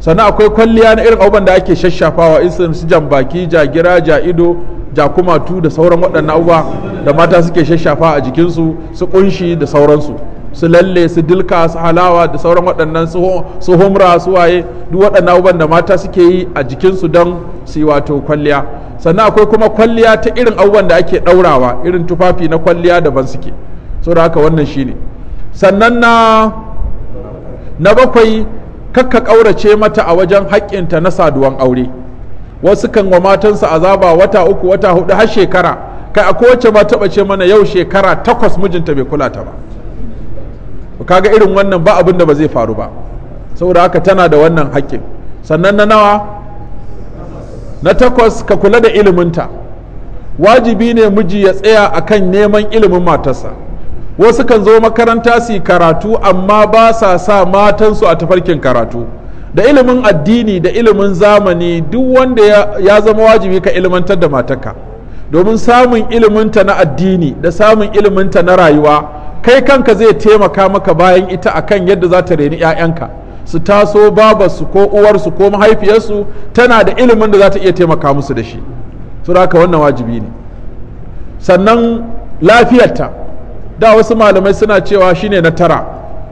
sannan akwai kwalliya na irin abubuwan da ake shashafawa irin su baki jagira ja ido ja kumatu da sauran waɗannan abubuwa da mata suke shashafa a jikinsu su kunshi da sauransu su lalle su dilka su halawa da sauran waɗannan su humra su waye duk waɗannan abubuwan da mata suke yi a jikinsu don su yi wato kwalliya sannan akwai kuma kwalliya ta irin abubuwan da ake ɗaurawa irin tufafi na kwalliya daban suke so da haka wannan shine sannan na na bakwai kakka ƙaurace mata a wajen haƙƙinta na saduwan aure wasu kan wa matansa azaba wata uku wata hudu har shekara kai a kowace ma taɓa ce mana yau shekara takwas mijinta bai kula ta ba kaga irin wannan ba abin da ba zai faru ba saboda haka tana da wannan haƙƙin sannan na nawa na takwas ka kula da iliminta wajibi ne miji ya tsaya akan neman ilimin matarsa wasu kan zo makaranta su karatu amma ba sa sa matansu a tafarkin karatu da ilimin addini da ilimin zamani duk wanda ya zama wajibi ka ilimantar da matarka domin samun iliminta na addini da samun iliminta na rayuwa kai kanka zai taimaka maka bayan ita akan yadda za ta reni 'ya'yanka su taso babarsu ko uwarsu ko mahaifiyarsu tana da ilimin da za ta iya taimaka musu da shi su haka wannan wajibi ne sannan lafiyarta da wasu malamai suna cewa shine na tara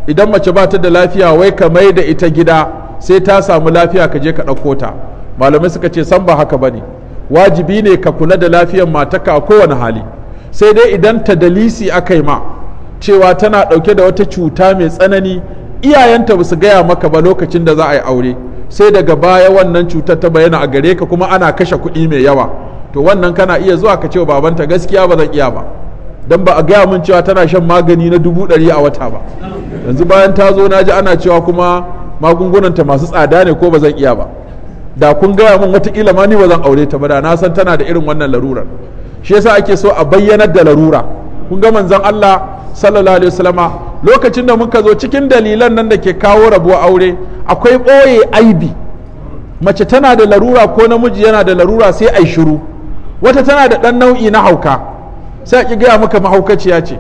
idan mace ba ta da lafiya wai ka mai da ita gida sai ta samu lafiya ka je ka ɗauko ta malamai suka ce san ba haka ba ne wajibi ne ka kula da lafiyar mataka a kowane hali sai dai idan ta dalisi aka yi ma cewa tana ɗauke da wata cuta mai tsanani iyayenta ba su gaya maka ba lokacin da za a yi aure sai daga baya wannan cutar ta bayyana a gare ka kuma ana kashe kuɗi mai yawa to wannan kana iya zuwa ka ce wa babanta gaskiya ba zan iya ba don ba a gaya mun cewa tana shan magani na dubu ɗari a wata ba yanzu bayan ta zo na ji ana cewa kuma magungunanta masu tsada ne ko ba zan iya ba da kun gaya min watakila ma ni ba zan aure ta ba da na san tana da irin wannan larurar shi yasa ake so a bayyanar da larura kun ga manzon Allah sallallahu alaihi wasallama lokacin da muka zo cikin dalilan nan da ke kawo rabuwa aure akwai ɓoye aibi mace tana da larura ko namiji yana da larura sai ai shiru wata tana da ɗan nau'i na hauka sai ki gaya maka mahaukaciya ce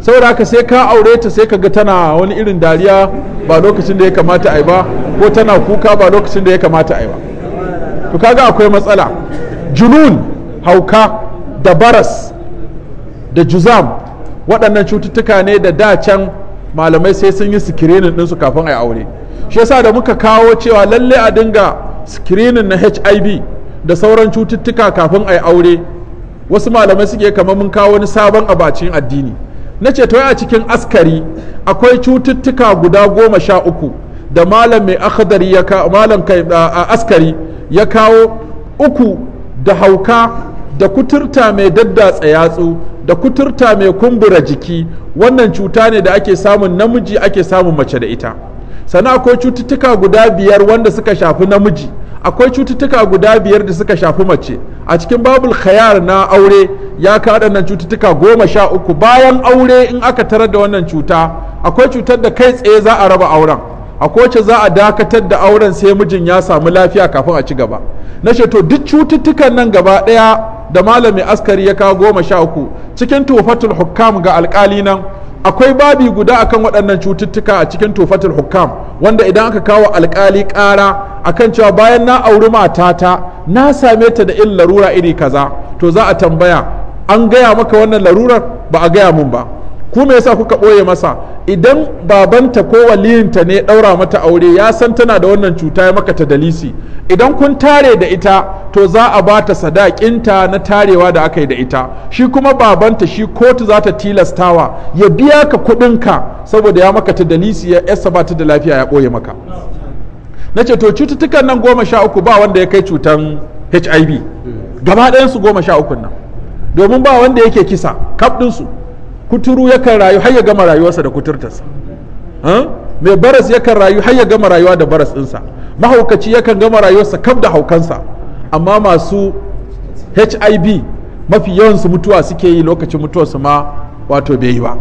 saboda haka sai ka aure ta sai ka ga tana wani irin dariya ba lokacin da ya kamata a yi ba ko tana kuka ba lokacin da ya kamata a yi ba to kaga akwai matsala junun hauka da baras da juzam waɗannan cututtuka ne da da can malamai sai sun yi screening ɗinsu kafin a yi aure shi yasa da muka kawo cewa lalle a dinga screening na hiv da sauran cututtuka kafin a yi aure wasu malamai suke kamar mun kawo wani sabon abacin addini na ce a cikin askari akwai cututtuka guda goma sha uku da malam mai ya malam kai askari ya kawo uku da hauka da kuturta mai daddatsa yatsu da kuturta mai kumbura jiki wannan cuta ne da ake samun namiji ake samun mace da ita sannan akwai cututtuka guda biyar wanda suka shafi namiji akwai cututtuka guda biyar da suka shafi mace a cikin babul khayar na aure ya kaɗa nan cututtuka goma sha uku bayan aure in aka tarar da wannan cuta akwai cutar da kai tsaye za a raba auren a kowace za a dakatar da auren sai mijin ya samu lafiya kafin a ci gaba na to duk cututtukan nan gaba ɗaya da malami askari ya kawo goma sha uku cikin tufatul hukam ga alƙali nan akwai babi guda akan waɗannan cututtuka a cikin tufatul hukam wanda idan aka kawo alkali ƙara akan cewa bayan na auri matata na same ta da in larura iri kaza to za a tambaya an gaya maka wannan larurar ba a gaya mun ba ku me yasa kuka ɓoye masa idan babanta ko waliyinta ne ɗaura mata aure ya san tana da wannan cuta ya maka ta dalisi idan kun tare da ita to za a ba ta sadakinta na tarewa da aka yi da ita shi kuma babanta shi kotu za ta tilastawa ya biya ka kuɗinka saboda ya maka ta dalisi ya yasa ba ta da lafiya ya ɓoye maka na ce to cututtukan nan goma sha uku ba wanda ya kai cutan hiv gaba ɗayansu goma sha ukun nan domin ba wanda yake kisa kaf ɗinsu kuturu yakan rayu har ya gama rayuwarsa da kuturtarsa mai baras yakan rayu har ya gama rayuwa da baras ɗinsa mahaukaci yakan gama rayuwarsa kaf da haukansa amma masu hiv mafi yawansu mutuwa suke yi lokacin mutuwarsu ma wato bai yi ba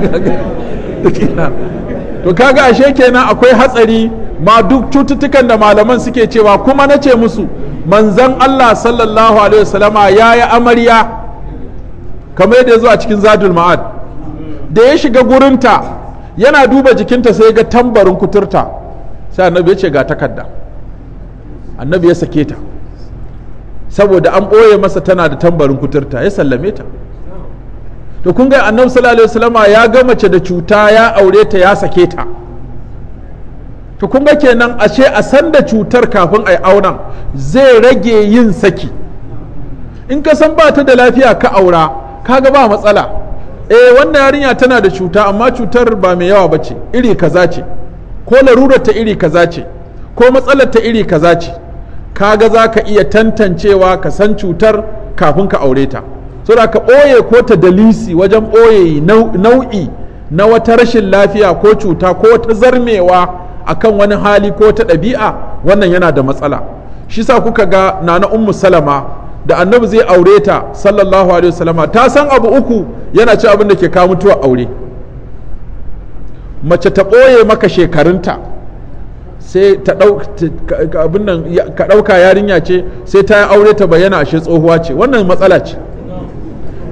to kaga ashe kenan akwai hatsari ma duk cututtukan da malaman suke cewa kuma na ce musu manzan Allah sallallahu alaihi wasallama ya yi amarya kamar yadda ya zo a cikin zadul ma'ad da ya shiga gurinta yana duba jikinta sai ga tambarin kuturta sai annabi ya ce ga takarda annabi ya sake ta saboda an ɓoye masa tana da tambarin kuturta ya sallame ta to kun ga annabi sallallahu alaihi wasallama ya ga mace da cuta ya aure ta ya sake ta to kun ga kenan ashe a sanda cutar kafin a auren zai rage yin saki in ka san ba ta da lafiya ka aura kaga ba matsala eh wannan yarinya tana da cuta amma cutar ba mai yawa bace iri kaza ce ko larurar ta iri kaza ce ko matsalar ta iri kaza ce kaga zaka iya tantancewa ka san cutar kafin ka aure ta da ka ɓoye ko ta dalisi wajen ɓoye nau'i na wata rashin lafiya ko cuta ko wata zarmewa akan wani hali ko ta ɗabi'a wannan yana da matsala shi sa kuka ga nana ummu salama da annabi zai aure ta sallallahu alaihi wasallama ta san abu uku yana ci abin da ke kawo mutuwa aure mace ta ɓoye maka shekarunta sai ta abin ka ɗauka yarinya ce sai ta aure ta bayyana ashe tsohuwa ce wannan matsala ce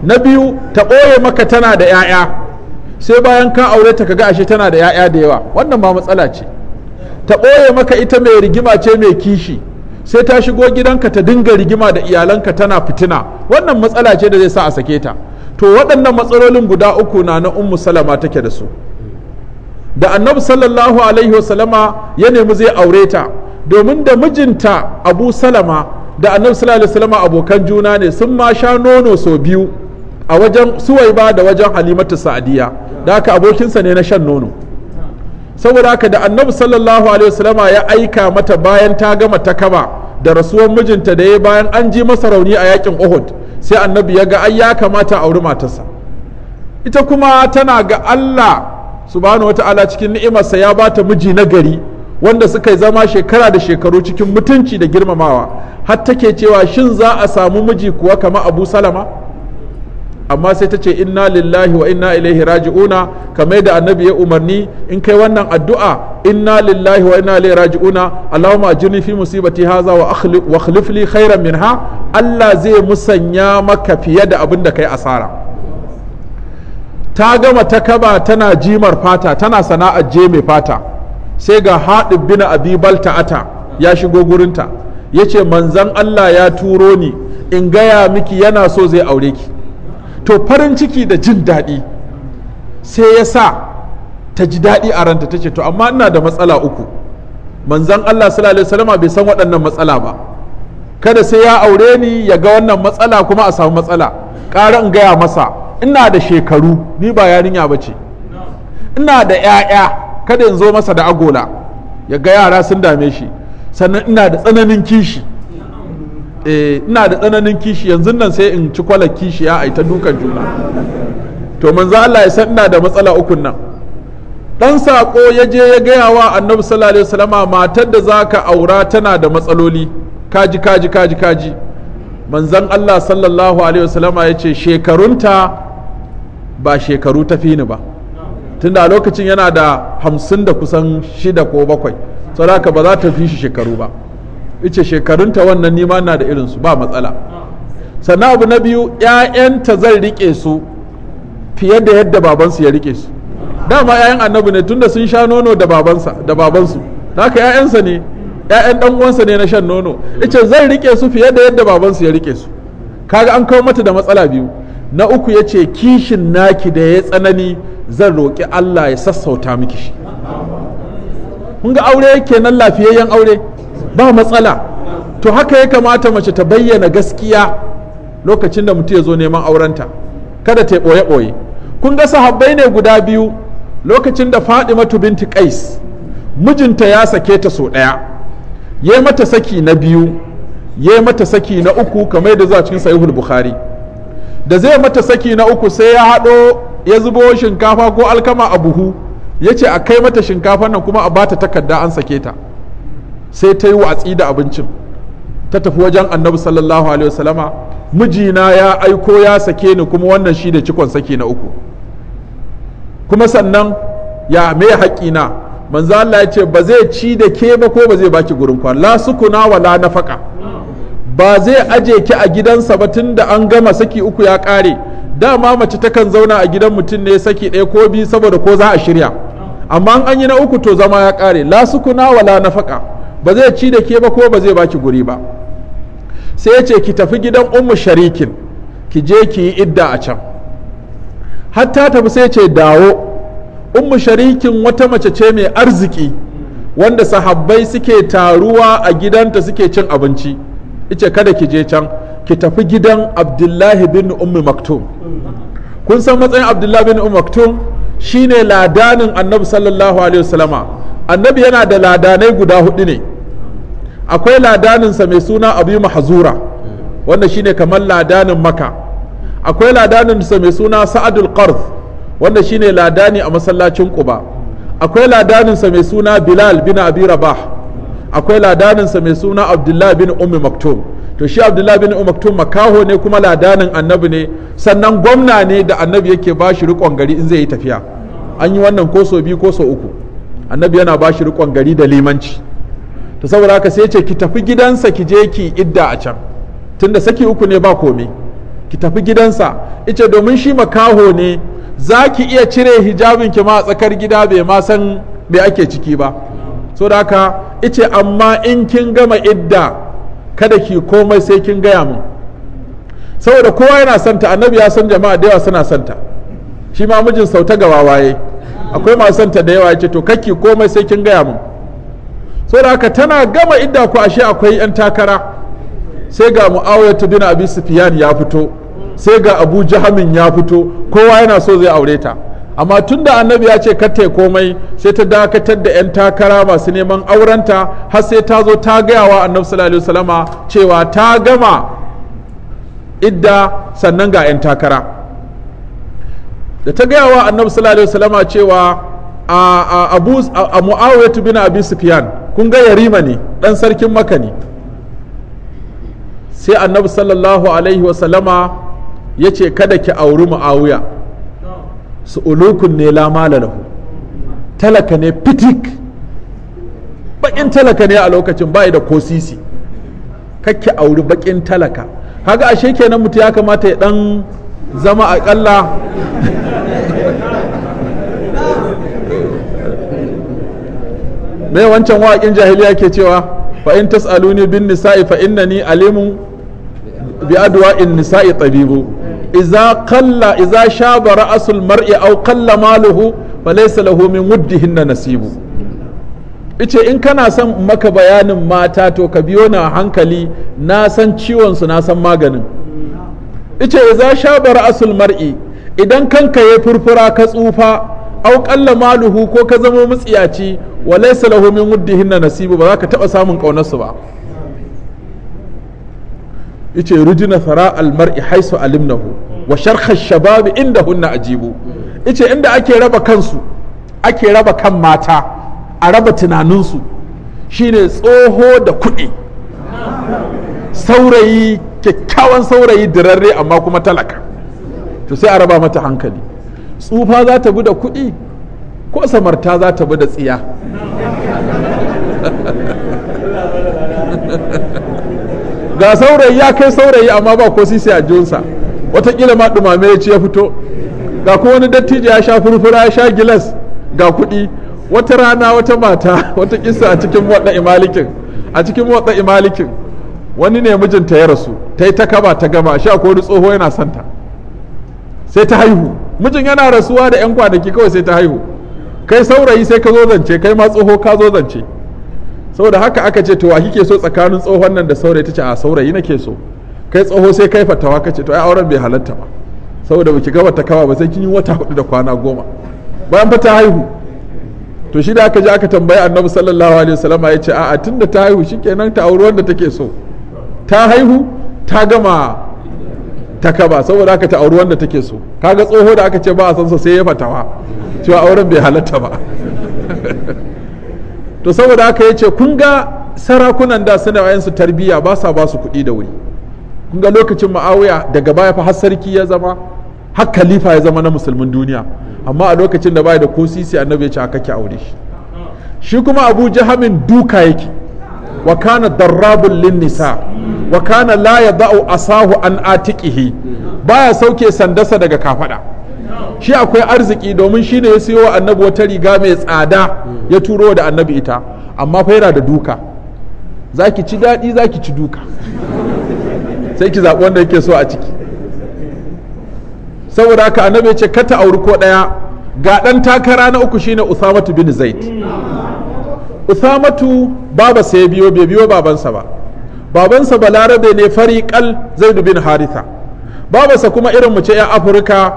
na biyu ta ɓoye maka tana da 'ya'ya sai bayan ka aure ta ka ga ashe tana da 'ya'ya da yawa wannan ma matsala ce ta ɓoye maka ita mai rigima ce mai kishi sai ta shigo gidanka ta dinga rigima da iyalanka tana fitina wannan matsala ce da zai sa a sake ta to waɗannan matsalolin guda uku na na ummu salama take da su da annabi sallallahu alaihi wasallama ya nemi zai aure ta domin da mijinta abu salama da annabi sallallahu alaihi wasallama abokan juna ne sun ma sha nono sau biyu a wajen suwaiba da wajen halimatu sa'adiya da haka abokinsa ne na shan nono saboda haka da annabi sallallahu alaihi wasallama ya aika mata bayan ta gama ta kama da rasuwar mijinta da ya bayan an ji masa rauni a yakin Uhud sai annabi ya ga ai ya kamata a auri matarsa ita kuma tana ga Allah subhanahu wata'ala cikin ni'imarsa ya bata miji na gari wanda suka zama shekara da shekaru cikin mutunci da girmamawa har take cewa shin za a samu miji kuwa kama Abu Salama amma sai ta ce inna lillahi wa inna ilaihi raji'una kamar da annabi ya umarni in kai wannan addu'a inna lillahi wa inna ilaihi raji'una allahumma ajirni fi musibati haza wa akhlif li khairan minha Allah zai musanya maka fiye da abin da kai asara ta gama ta kaba tana jimar fata tana sana'a je mai fata sai ga haɗin bin abi balta'ata ya shigo gurinta yace manzon manzan Allah ya turo ni in gaya miki yana so zai aure ki to farin ciki da jin daɗi sai ya sa ta ji daɗi a ranta ta ce to amma ina da matsala uku manzan Allah sallallahu alaihi bai san waɗannan matsala ba kada sai ya aure ni ya ga wannan matsala kuma a samu matsala ƙara in gaya masa ina da shekaru ni ba yarinya ba ce ina da ƴaƴa kada in zo masa da agola ya ga yara sun dame shi sannan ina da tsananin kishi Eh, ina da tsananin kishi yanzu nan sai in ci kwalar kishiya a ta dukan juna to manzo Allah ya san ina da matsala ukun nan dan sako ya je ya gaya wa annabi sallallahu alaihi wasallama matar da zaka aura tana da matsaloli kaji kaji kaji kaji manzon Allah sallallahu alaihi wasallama ya ce shekarunta ba shekaru tafi ni ba tunda lokacin yana da hamsin da kusan shida ko bakwai saboda ba za ta fi shi shekaru ba ice shekarunta wannan nima na da irinsu ba matsala sannan abu na biyu 'ya'yanta zan rike su fiye da yadda babansu ya rike su dama 'ya'yan annabi ne tunda sun sha nono da babansa da babansu haka 'ya'yansa ne 'ya'yan dan uwansa ne na shan nono ice zan rike su fiye da yadda babansu ya rike su kaga an kawo mata da matsala biyu na uku ya ce kishin naki da ya tsanani zan roƙi Allah ya sassauta miki shi mun ga aure kenan lafiyayyen aure ba matsala to haka ya kamata mace ta bayyana gaskiya lokacin da mutum ya zo neman aurenta kada ta ɓoye ɓoye kun ga sahabbai ne guda biyu lokacin da faɗi binti qais mijinta ya sake ta so ɗaya ya mata saki na biyu ya mata saki na uku kamar da zuwa cikin sahihul bukhari da zai mata saki na uku sai ya haɗo ya zubo shinkafa ko alkama a buhu ya ce a kai mata shinkafa nan kuma a bata takarda an sake ta sai ta yi watsi da abincin ta tafi wajen annabi sallallahu alaihi wasallama mijina ya aiko ya sake ni kuma wannan shi da cikon saki na uku kuma sannan ya me haƙƙina manzo Allah ya ce ba zai ci da ke ba ko ba zai baki gurin kwana la sukuna wala nafaka ba zai aje ki a gidansa ba tun da an gama saki uku ya ƙare dama mace takan zauna a gidan mutum ne saki ɗaya ko biyu saboda ko za a shirya amma an yi na uku to zama ya ƙare la sukuna wala nafaka ba zai ci da ke ba ko ba zai baki guri ba sai ya ce ki tafi gidan ummu sharikin ki je ki yi idda a can hatta tafi sai ce dawo ummu sharikin wata mace ce mai arziki wanda sahabbai suke taruwa a gidanta suke cin abinci ice kada ki je can ki tafi gidan abdullahi bin ummu maktum kun san matsayin abdullahi bin ummu maktum shine ladanin annabi sallallahu alaihi wasallama annabi yana da ladanai guda hudu ne akwai ladaninsa mai suna abu mahazura wanda shine kamar ladanin maka akwai ladaninsa mai suna sa'adul qarz wanda shine ladani a masallacin quba akwai ladaninsa mai suna bilal bin abi rabah akwai ladaninsa mai suna abdullahi bin ummi maktum to shi abdullahi bin maktum makaho ne kuma ladanin annabi ne sannan gwamna ne da annabi yake ba shi rikon gari in zai yi tafiya an yi wannan ko so biyu ko so uku annabi yana ba shi rikon gari da limanci to saboda haka sai ce ki tafi gidansa ki je ki idda a can tunda saki uku ne ba komai ki tafi gidansa ice domin shi makaho ne zaki iya cire hijabin ki ma a tsakar gida bai ma san bai ake ciki ba so da haka ice amma in kin gama idda kada ki komai sai kin gaya min saboda kowa yana santa annabi ya san jama'a da yawa suna santa shi ma mijin sauta gawa waye akwai masu santa da yawa ya ce to kakki komai sai kin gaya min saboda haka tana gama idda ku ashe akwai yan takara sai ga mu'awiyar ta dina abi sufiyan ya fito sai ga abu jahamin ya fito kowa yana so zai aure ta amma tun da annabi ya ce kata komai sai ta dakatar da 'yan takara masu neman aurenta har sai ta zo ta gaya wa annabi sallallahu alaihi cewa ta gama idda sannan ga 'yan takara da ta gaya wa annabi sallallahu alaihi cewa a abu a bina bin abi sufyan kun ga yarima ne ɗan sarkin maka ne sai annabi sallallahu alaihi wasallama ya ce kada ki auri ma'awuya su ulukun ne lama lahu talaka ne fitik bakin talaka ne a lokacin bai da kosisi kakki auri bakin talaka kaga ashe kenan mutu ya kamata ya dan zama akalla me wancan waƙin jahiliya ke cewa fa in tas'aluni bin nisa'i fa innani alimun bi in nisa'i tabibu idza qalla idza shaba ra'sul mar'i aw qalla maluhu fa laysa lahu min wuddihinna nasibu ice in kana son maka bayanin mata to ka biyo na hankali na san ciwon su na san maganin ice idza shaba ra'sul mar'i idan kanka ya furfura ka tsufa au qalla maluhu ko ka zama mutsiyaci wa laysa lahu min wuddihinna nasibu ba za ka taba samun kaunarsu ba yace rujina thara almar'i haisu alimnahu wa sharha shababi inda hunna ajibu yace inda ake raba kansu ake raba kan mata a raba tunaninsu shine tsoho da kuɗi saurayi kyakkyawan saurayi dirarre amma kuma talaka to sai a raba mata hankali tsufa za ta bi da kuɗi ko samarta za ta bi da tsiya ga saurayi ya kai saurayi amma ba ko sisi a jinsa watakila ma ɗumame ya ci ya fito ga ko wani dattijo ya sha furfura ya sha gilas ga kuɗi wata rana wata mata wata kisa a cikin wadda imalikin a cikin wadda imalikin wani ne mijinta ya rasu ta yi ta kaba ta gama sha ko wani tsoho yana santa sai ta haihu mijin yana rasuwa da yan kwanaki kawai sai ta haihu kai saurayi sai ka zo zance kai ma tsoho ka zo zance saboda haka aka ce to wa kike so tsakanin tsohon nan da saurayi tace a saurayi nake so kai tsoho sai kai fatawa kace to ai auren bai halatta ba saboda baki ga wata kawa ba sai kin yi wata hudu da kwana goma bayan fa haihu to shi da aka je aka tambayi annabi sallallahu alaihi wasallam ya ce a'a tunda ta haihu shikenan ta auri wanda take so ta haihu ta gama ta kaba saboda aka ta auri wanda take so kaga tsoho da aka ce ba a san sa sai ya fatawa cewa auren bai halatta ba to saboda aka ya ce kun ga sarakunan da suna wayan su tarbiyya ba sa ba su kuɗi da wuri kun ga lokacin ma'awiya daga baya fa har sarki ya zama har khalifa ya zama na musulmin duniya amma a lokacin da baya da ko sisi annabi ya ce aka ki aure shi shi kuma abu jahamin duka yake wa kana darrabul linnisa nisa wa kana la da'u asahu an atiqihi baya sauke sandasa daga kafada shi akwai arziki domin shi ne ya siyo wa annabi wata riga mai tsada ya turo da annabi ita amma fa yana da duka zaki ci daɗi zaki ci duka sai ki zaɓi wanda yake so a ciki saboda haka annabi ya ce ka ta auri ko ɗaya ga ɗan takara na uku shine usamatu bin zaid usamatu baba sai biyo bai biyo babansa ba babansa balarabe ne fariƙal zaidu bin haritha babansa kuma irin mu ce 'yan afirka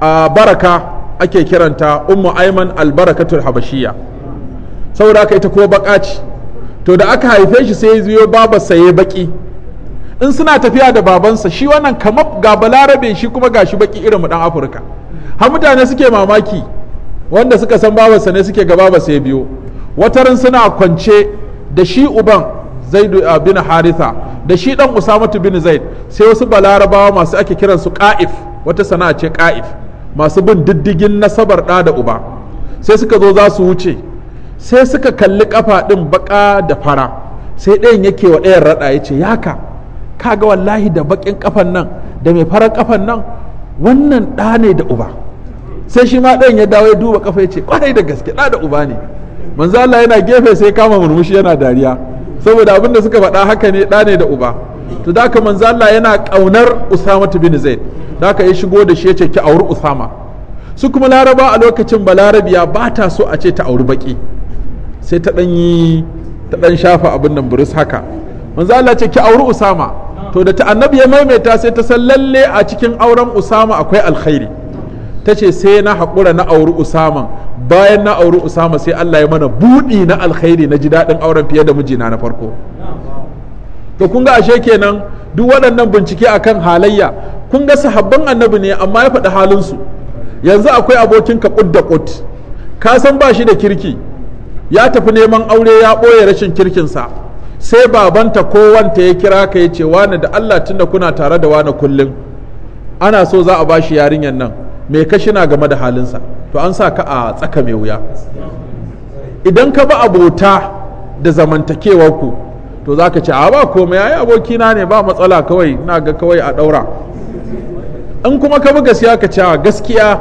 a baraka ake kiranta ummu aiman albarakatul habashiya saboda haka ita ko baka to da aka haife shi sai zuyo babansa ya baki in suna tafiya da babansa shi wannan kamar ga balarabe shi kuma ga shi baki irin mu dan afirka har mutane suke mamaki wanda suka san babansa ne suke ga babansa ya biyo wataran suna kwance da shi uban zaidu ah, bin haritha da shi dan usamatu bin zaid sai wasu balarabawa masu ake kiran su ka'if wata sana'a ce ka'if masu bin diddigin nasabar ɗa da uba sai suka zo za su wuce sai suka kalli kafa ɗin baka da fara sai ɗayan yake wa ɗayan raɗa ya ce yaka kaga wallahi da bakin kafan nan da mai farar kafan nan wannan ɗa ne da uba sai shi ma ɗayan ya dawo ya duba kafa ya ce kwarai da gaske ɗa da uba ne manzo Allah yana gefe sai kama murmushi yana dariya saboda abin da suka faɗa haka ne ɗa ne da uba to da manzala manzo Allah yana ƙaunar Usama bin Zaid da ka ya shigo da shi ya ce ki auri Usama su kuma Laraba a lokacin Balarabiya ba ta so a ce ta auri baki sai ta ɗan yi ta dan shafa abin nan buris haka manzo Allah ce ki auri Usama to da ta annabi ya maimaita sai ta san lalle a cikin auren Usama akwai alkhairi ta ce sai na haƙura na auri usama bayan na auri usama sai allah ya mana buɗi na alkhairi na ji daɗin auren fiye da mijina na farko to kun ga ashe kenan duk waɗannan bincike akan halayya kun ga sahabban annabi ne amma ya faɗi halinsu yanzu akwai abokin ka ƙud da ƙud ka san ba shi da kirki ya tafi neman aure ya ɓoye rashin kirkinsa sai babanta ko wanta ya kira ka ya ce wane da allah tunda kuna tare da wani kullum ana so za a bashi yarinyar nan mai na game da halinsa to an sa ka a tsaka mai wuya idan ka ba abota da zamantakewar ku to za ka ce a ba komai aboki abokina ne ba matsala kawai na ga kawai a ɗaura in kuma ka bi gaskiya ka ce gaskiya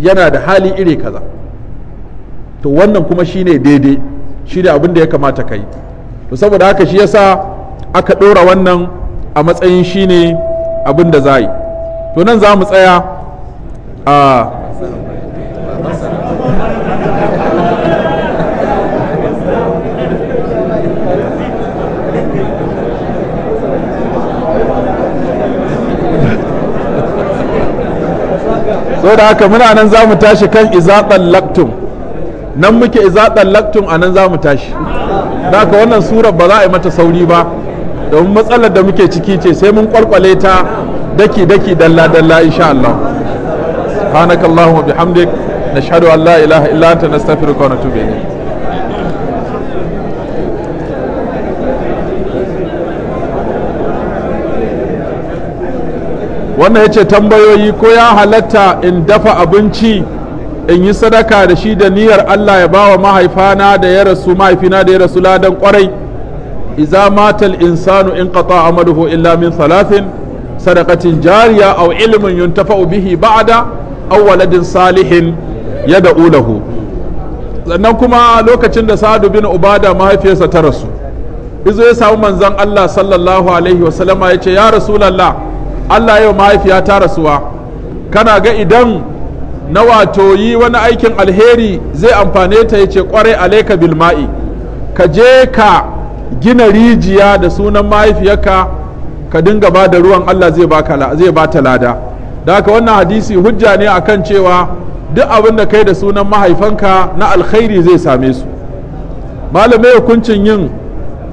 yana da hali iri kaza to wannan kuma shine daidai shi da abin da ya kamata ka yi to saboda haka shi yasa aka ɗora wannan a matsayin shine abin da za yi to nan za mu tsaya a so da haka muna nan za mu tashi kan izaɓar laktum nan muke izaɓar laktum a nan za mu tashi da haka wannan surar ba za a yi mata sauri ba domin matsalar da muke ciki ce sai mun kwalkwale ta daki-daki dalla-dalla insha Allah. subhanaka allahumma bihamdik nashhadu an la ilaha illa anta nastaghfiruka wa natubu wannan ya ce tambayoyi ko ya halatta in dafa abinci in yi sadaka da shi da niyyar Allah ya bawa mahaifana da ya rasu mahaifina da ya rasu ladan kwarai iza matal insanu in qata amaluhu illa min salatin sadaqatin jariya aw ilmin yuntafa bihi ba'da auwaladin salihin ya da ulahu sannan kuma lokacin da sa'adu bin ubada mahaifiyarsa ta rasu izo ya samu manzon Allah sallallahu alaihi sallama ya ce ya rasulallah Allah yau mahaifiya ta rasuwa kana ga idan na wato yi wani aikin alheri zai amfane ta ya ce kware alaika bilma'i ka je ka gina rijiya da sunan mahaifiyarka ka dinga ba da ruwan Allah zai ba ta lada da haka wannan hadisi hujja ne akan cewa duk abin da kai da sunan mahaifanka na alkhairi zai same su malamai hukuncin yin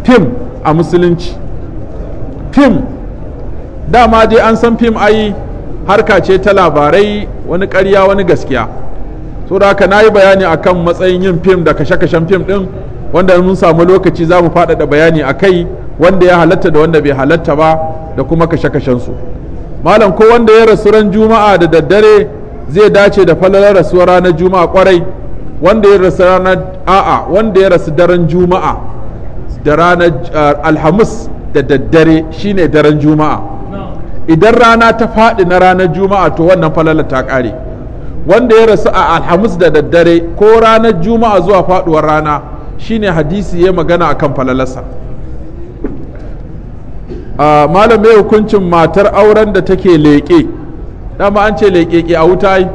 fim a musulunci fim dama dai an san fim ayi harka ce ta labarai wani karya wani gaskiya so da haka na yi bayani akan matsayin yin fim da kashe-kashen fim din wanda mun samu lokaci za mu faɗaɗa bayani a kai wanda ya halatta da wanda bai halatta ba da kuma kashe kashen su. malam ko wanda ya rasu ran juma'a da daddare zai dace da falalar rasuwar ranar juma'a kwarai wanda ya rasu ranar a'a wanda ya rasu daren juma'a da ranar ah, alhamis da daddare shine daren juma'a idan rana ta faɗi na ranar juma'a to wannan falalar ta ƙare wanda ya rasu a alhamis da daddare ko ranar juma'a zuwa faɗuwar rana shine hadisi ya magana akan falalarsa Ah, malam mai hukuncin matar auren da take leƙe dama an ce leƙeƙe a wuta yi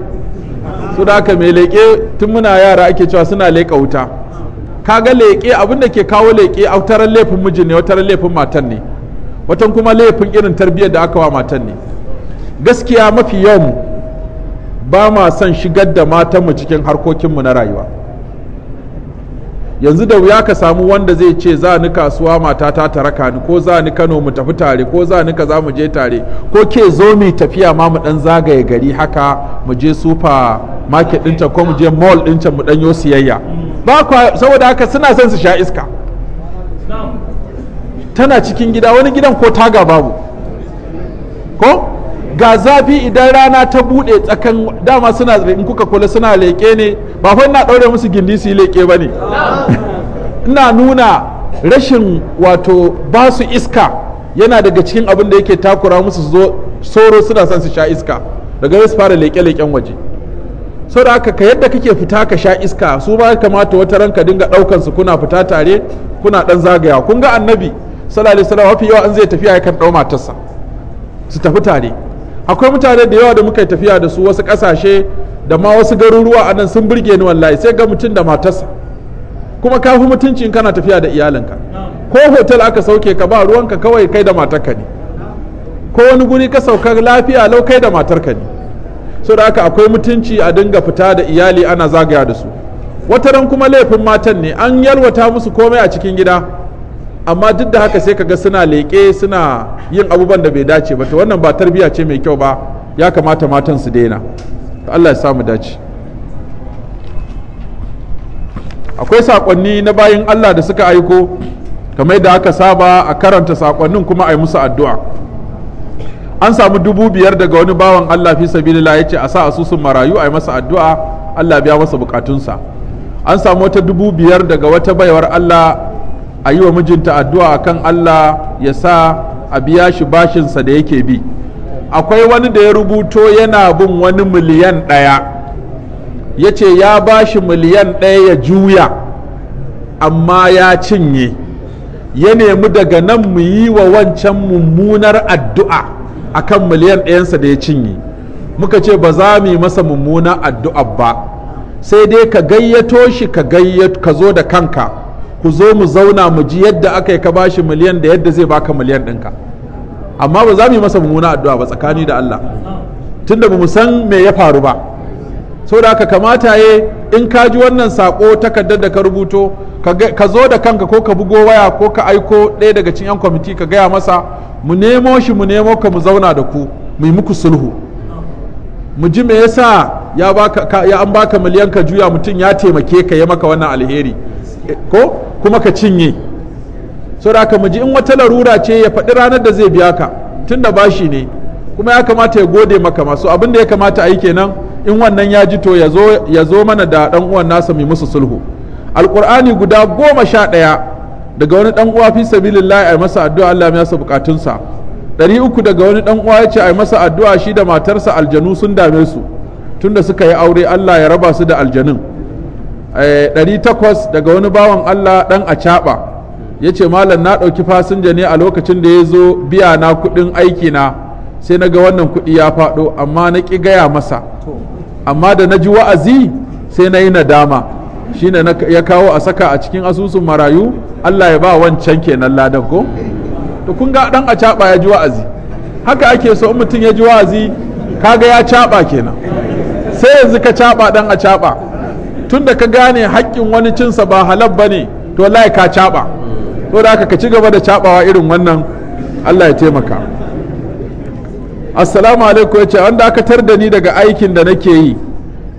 su da aka mai leƙe tun muna yara ake cewa suna leƙa wuta kaga leƙe abin da ke kawo leƙe a wataran laifin miji ne wataran laifin matan ne watan kuma laifin irin tarbiyyar da aka wa matan ne gaskiya mafi yawan ba ma son shigar da matanmu cikin harkokinmu na rayuwa yanzu da wuya ka samu wanda zai ce za ni kasuwa mata ta raka ni ko za ni Kano mu tafi tare ko za ni kaza mu je tare ko ke zo mu tafiya ma mu dan zagaye gari haka mu je super market dinta ko mu je mall ta mu dan yo siyayya ba kwa saboda haka suna son su sha iska tana cikin gida wani gidan ko taga babu ko ga zafi idan rana ta bude tsakan dama suna in kuka kula suna leke ne ba kwai ina ɗaure musu gindi su yi leƙe ba ne ina nuna rashin wato ba su iska yana daga cikin abin da yake takura musu zo soro suna son su sha iska daga su fara leƙe-leƙen waje sau da haka ka yadda kake fita ka sha iska su ba kamata wata ranka dinga ɗaukan su kuna fita tare kuna ɗan zagaya kun ga annabi sallallahu alaihi wasallam yawa an zai tafiya kan ɗau matarsa su tafi tare akwai mutane da yawa da muka tafiya da su wasu kasashe da ma wasu garuruwa a nan sun burge ni wallahi sai ga mutum da matarsa kuma ka fi mutunci in kana tafiya da iyalinka ko hotel aka sauke ka ba ruwanka kawai kai da matarka ne ko wani guri ka sauka lafiya lau kai da matarka ne so da haka akwai mutunci a dinga fita da iyali ana zagaya da su wata wataran kuma laifin matan ne an yalwata musu komai a cikin gida amma duk da haka sai ka ga suna leƙe suna yin abubuwan da bai dace ba to wannan ba tarbiya ce mai kyau ba ya kamata matan su daina Allah ya samu dace akwai saƙonni na bayan Allah da suka aiko kamar da aka saba a karanta saƙonnin kuma a yi musu addu'a an samu dubu biyar daga wani bawan Allah fi sabilillah ya ce a sa asusun marayu a yi masa addu'a Allah biya masa bukatunsa an samu wata dubu biyar daga wata baiwar Allah a yi wa mijinta addu'a kan Allah ya sa a biya shi bashinsa da yake bi akwai wani da ya rubuto yana bin wani miliyan ɗaya ya ce ya bashi miliyan ɗaya ya juya amma ya cinye ya nemi daga nan mu yi wa wancan mummunar addu'a akan miliyan ɗayansa da ya cinye muka ce ba za mu yi masa mummunar addu'a ba sai dai ka gayyato shi ka zo da kanka ku zo mu zauna mu ji yadda aka yi ka bashi miliyan da yadda zai baka miliyan ɗinka amma ba za mu yi masa mummuna addu'a ba tsakani da Allah tunda ba mu san me ya faru ba So da ka kamata ye in ka ji wannan saƙo takardar da ka rubuto ka zo da kanka ko ka bugo waya ko ka aiko ɗaya daga cikin yan kwamiti ka gaya masa mu nemo shi mu nemo ka mu zauna da ku mu yi muku sulhu mu ji me yasa ya an baka miliyan ka juya mutum ya taimake ka yi maka wannan alheri ko kuma ka cinye saboda haka mu ji in wata larura ce ya faɗi ranar da zai biya ka tunda bashi ne kuma ya kamata ya gode maka masu abin da ya kamata a yi kenan in wannan ya ji to ya zo mana da ɗan uwan nasa mai musu sulhu alkur'ani guda goma sha ɗaya daga wani ɗan uwa fi sabilillah a masa addu'a Allah ya sa bukatunsa ɗari uku daga wani ɗan uwa ya ce a masa addu'a shi da matarsa aljanu sun dame su tunda suka yi aure Allah ya raba su da aljanun 800 eh, daga wani bawan Allah dan a caɓa ya ce malam na ɗauki fasinja ne a lokacin da ya zo biya na kuɗin aiki na sai na ga wannan kuɗi ya faɗo amma na ƙi gaya masa amma da na ji wa'azi sai na yi nadama shi ne ya kawo a saka a cikin asusun marayu Allah ya ba wancan kenan ladan ko to kun ga ɗan a caɓa ya ji wa'azi haka ake so mutum ya ji wa'azi kaga ya caɓa kenan sai yanzu ka caɓa ɗan a caɓa tun da ka gane haƙƙin wani cinsa ba halab ba ne to wallahi ka caɓa to da ka ci gaba da caɓawa irin wannan allah ya taimaka assalamu alaikum ya ce an dakatar da ni daga aikin da nake yi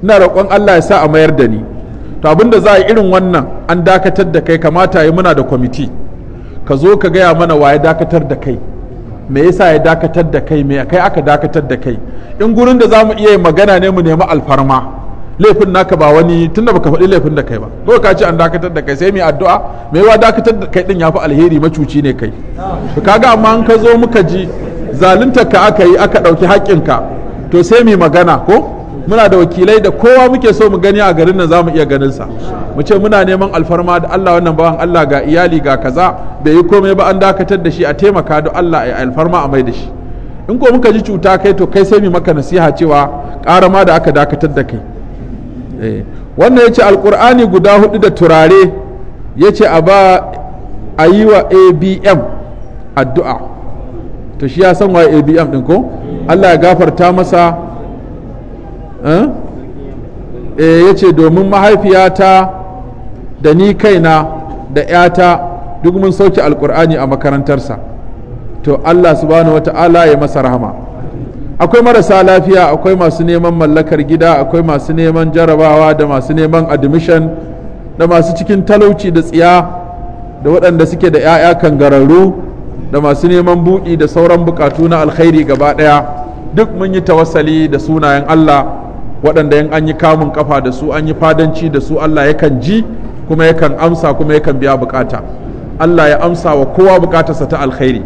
ina roƙon allah ya sa a mayar da ni to abinda za a yi irin wannan an dakatar da kai kamata yi muna da kwamiti ka zo ka gaya mana wa ya dakatar da kai me yasa ya dakatar da kai me kai aka dakatar da kai in gurin da zamu mu iya magana ne mu nemi alfarma laifin naka ba wani tunda baka faɗi laifin da kai ba ko ka ce an dakatar da kai sai mai addu'a mai wa dakatar da kai din yafi alheri macuci ne kai to kaga amma an ka zo muka ji zaluntar ka aka yi aka ɗauki haƙƙin ka to sai mai magana ko muna da wakilai da kowa muke so mu gani a garin nan za mu iya ganin sa mu ce muna neman alfarma da Allah wannan bawan Allah ga iyali ga kaza bai yi komai ba an dakatar da shi a taimaka da Allah ya alfarma a mai da shi in ko muka ji cuta kai to kai sai mu maka nasiha cewa karama da aka dakatar da kai Eh, wannan ya ce alkur'ani guda hudu da turare ya ce a ba a yi wa abm addu'a to shi ya san waye abm ɗin ko allah ya gafarta masa eh? Eh, ya ce domin mahaifiyata da ni kaina da 'yata duk mun sauke alkur'ani a makarantarsa to allah subhanahu wa ta'ala ya masa rahama akwai marasa lafiya akwai masu neman mallakar gida akwai masu neman jarabawa da masu neman admission da masu cikin talauci da tsiya da waɗanda suke da 'ya'ya kangararru da masu neman buɗi da sauran bukatu na alkhairi gaba ɗaya duk mun yi tawassali da sunayen Allah waɗanda yan an yi kamun kafa da su an yi fadanci da su Allah yakan ji kuma yakan amsa kuma yakan biya bukata Allah ya amsa wa kowa bukatarsa ta alkhairi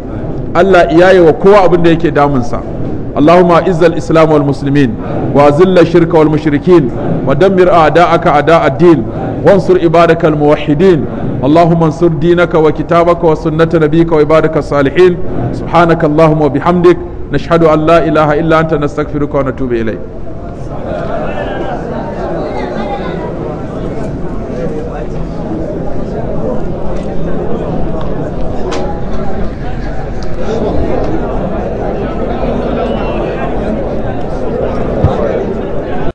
Allah iyaye wa kowa abin da yake damunsa اللهم اعز الإسلام والمسلمين وأذل الشرك والمشركين ودمر أعداءك أعداء الدين وانصر عبادك الموحدين اللهم انصر دينك وكتابك وسنة نبيك وعبادك الصالحين سبحانك اللهم وبحمدك نشهد أن لا إله إلا أنت نستغفرك ونتوب إليك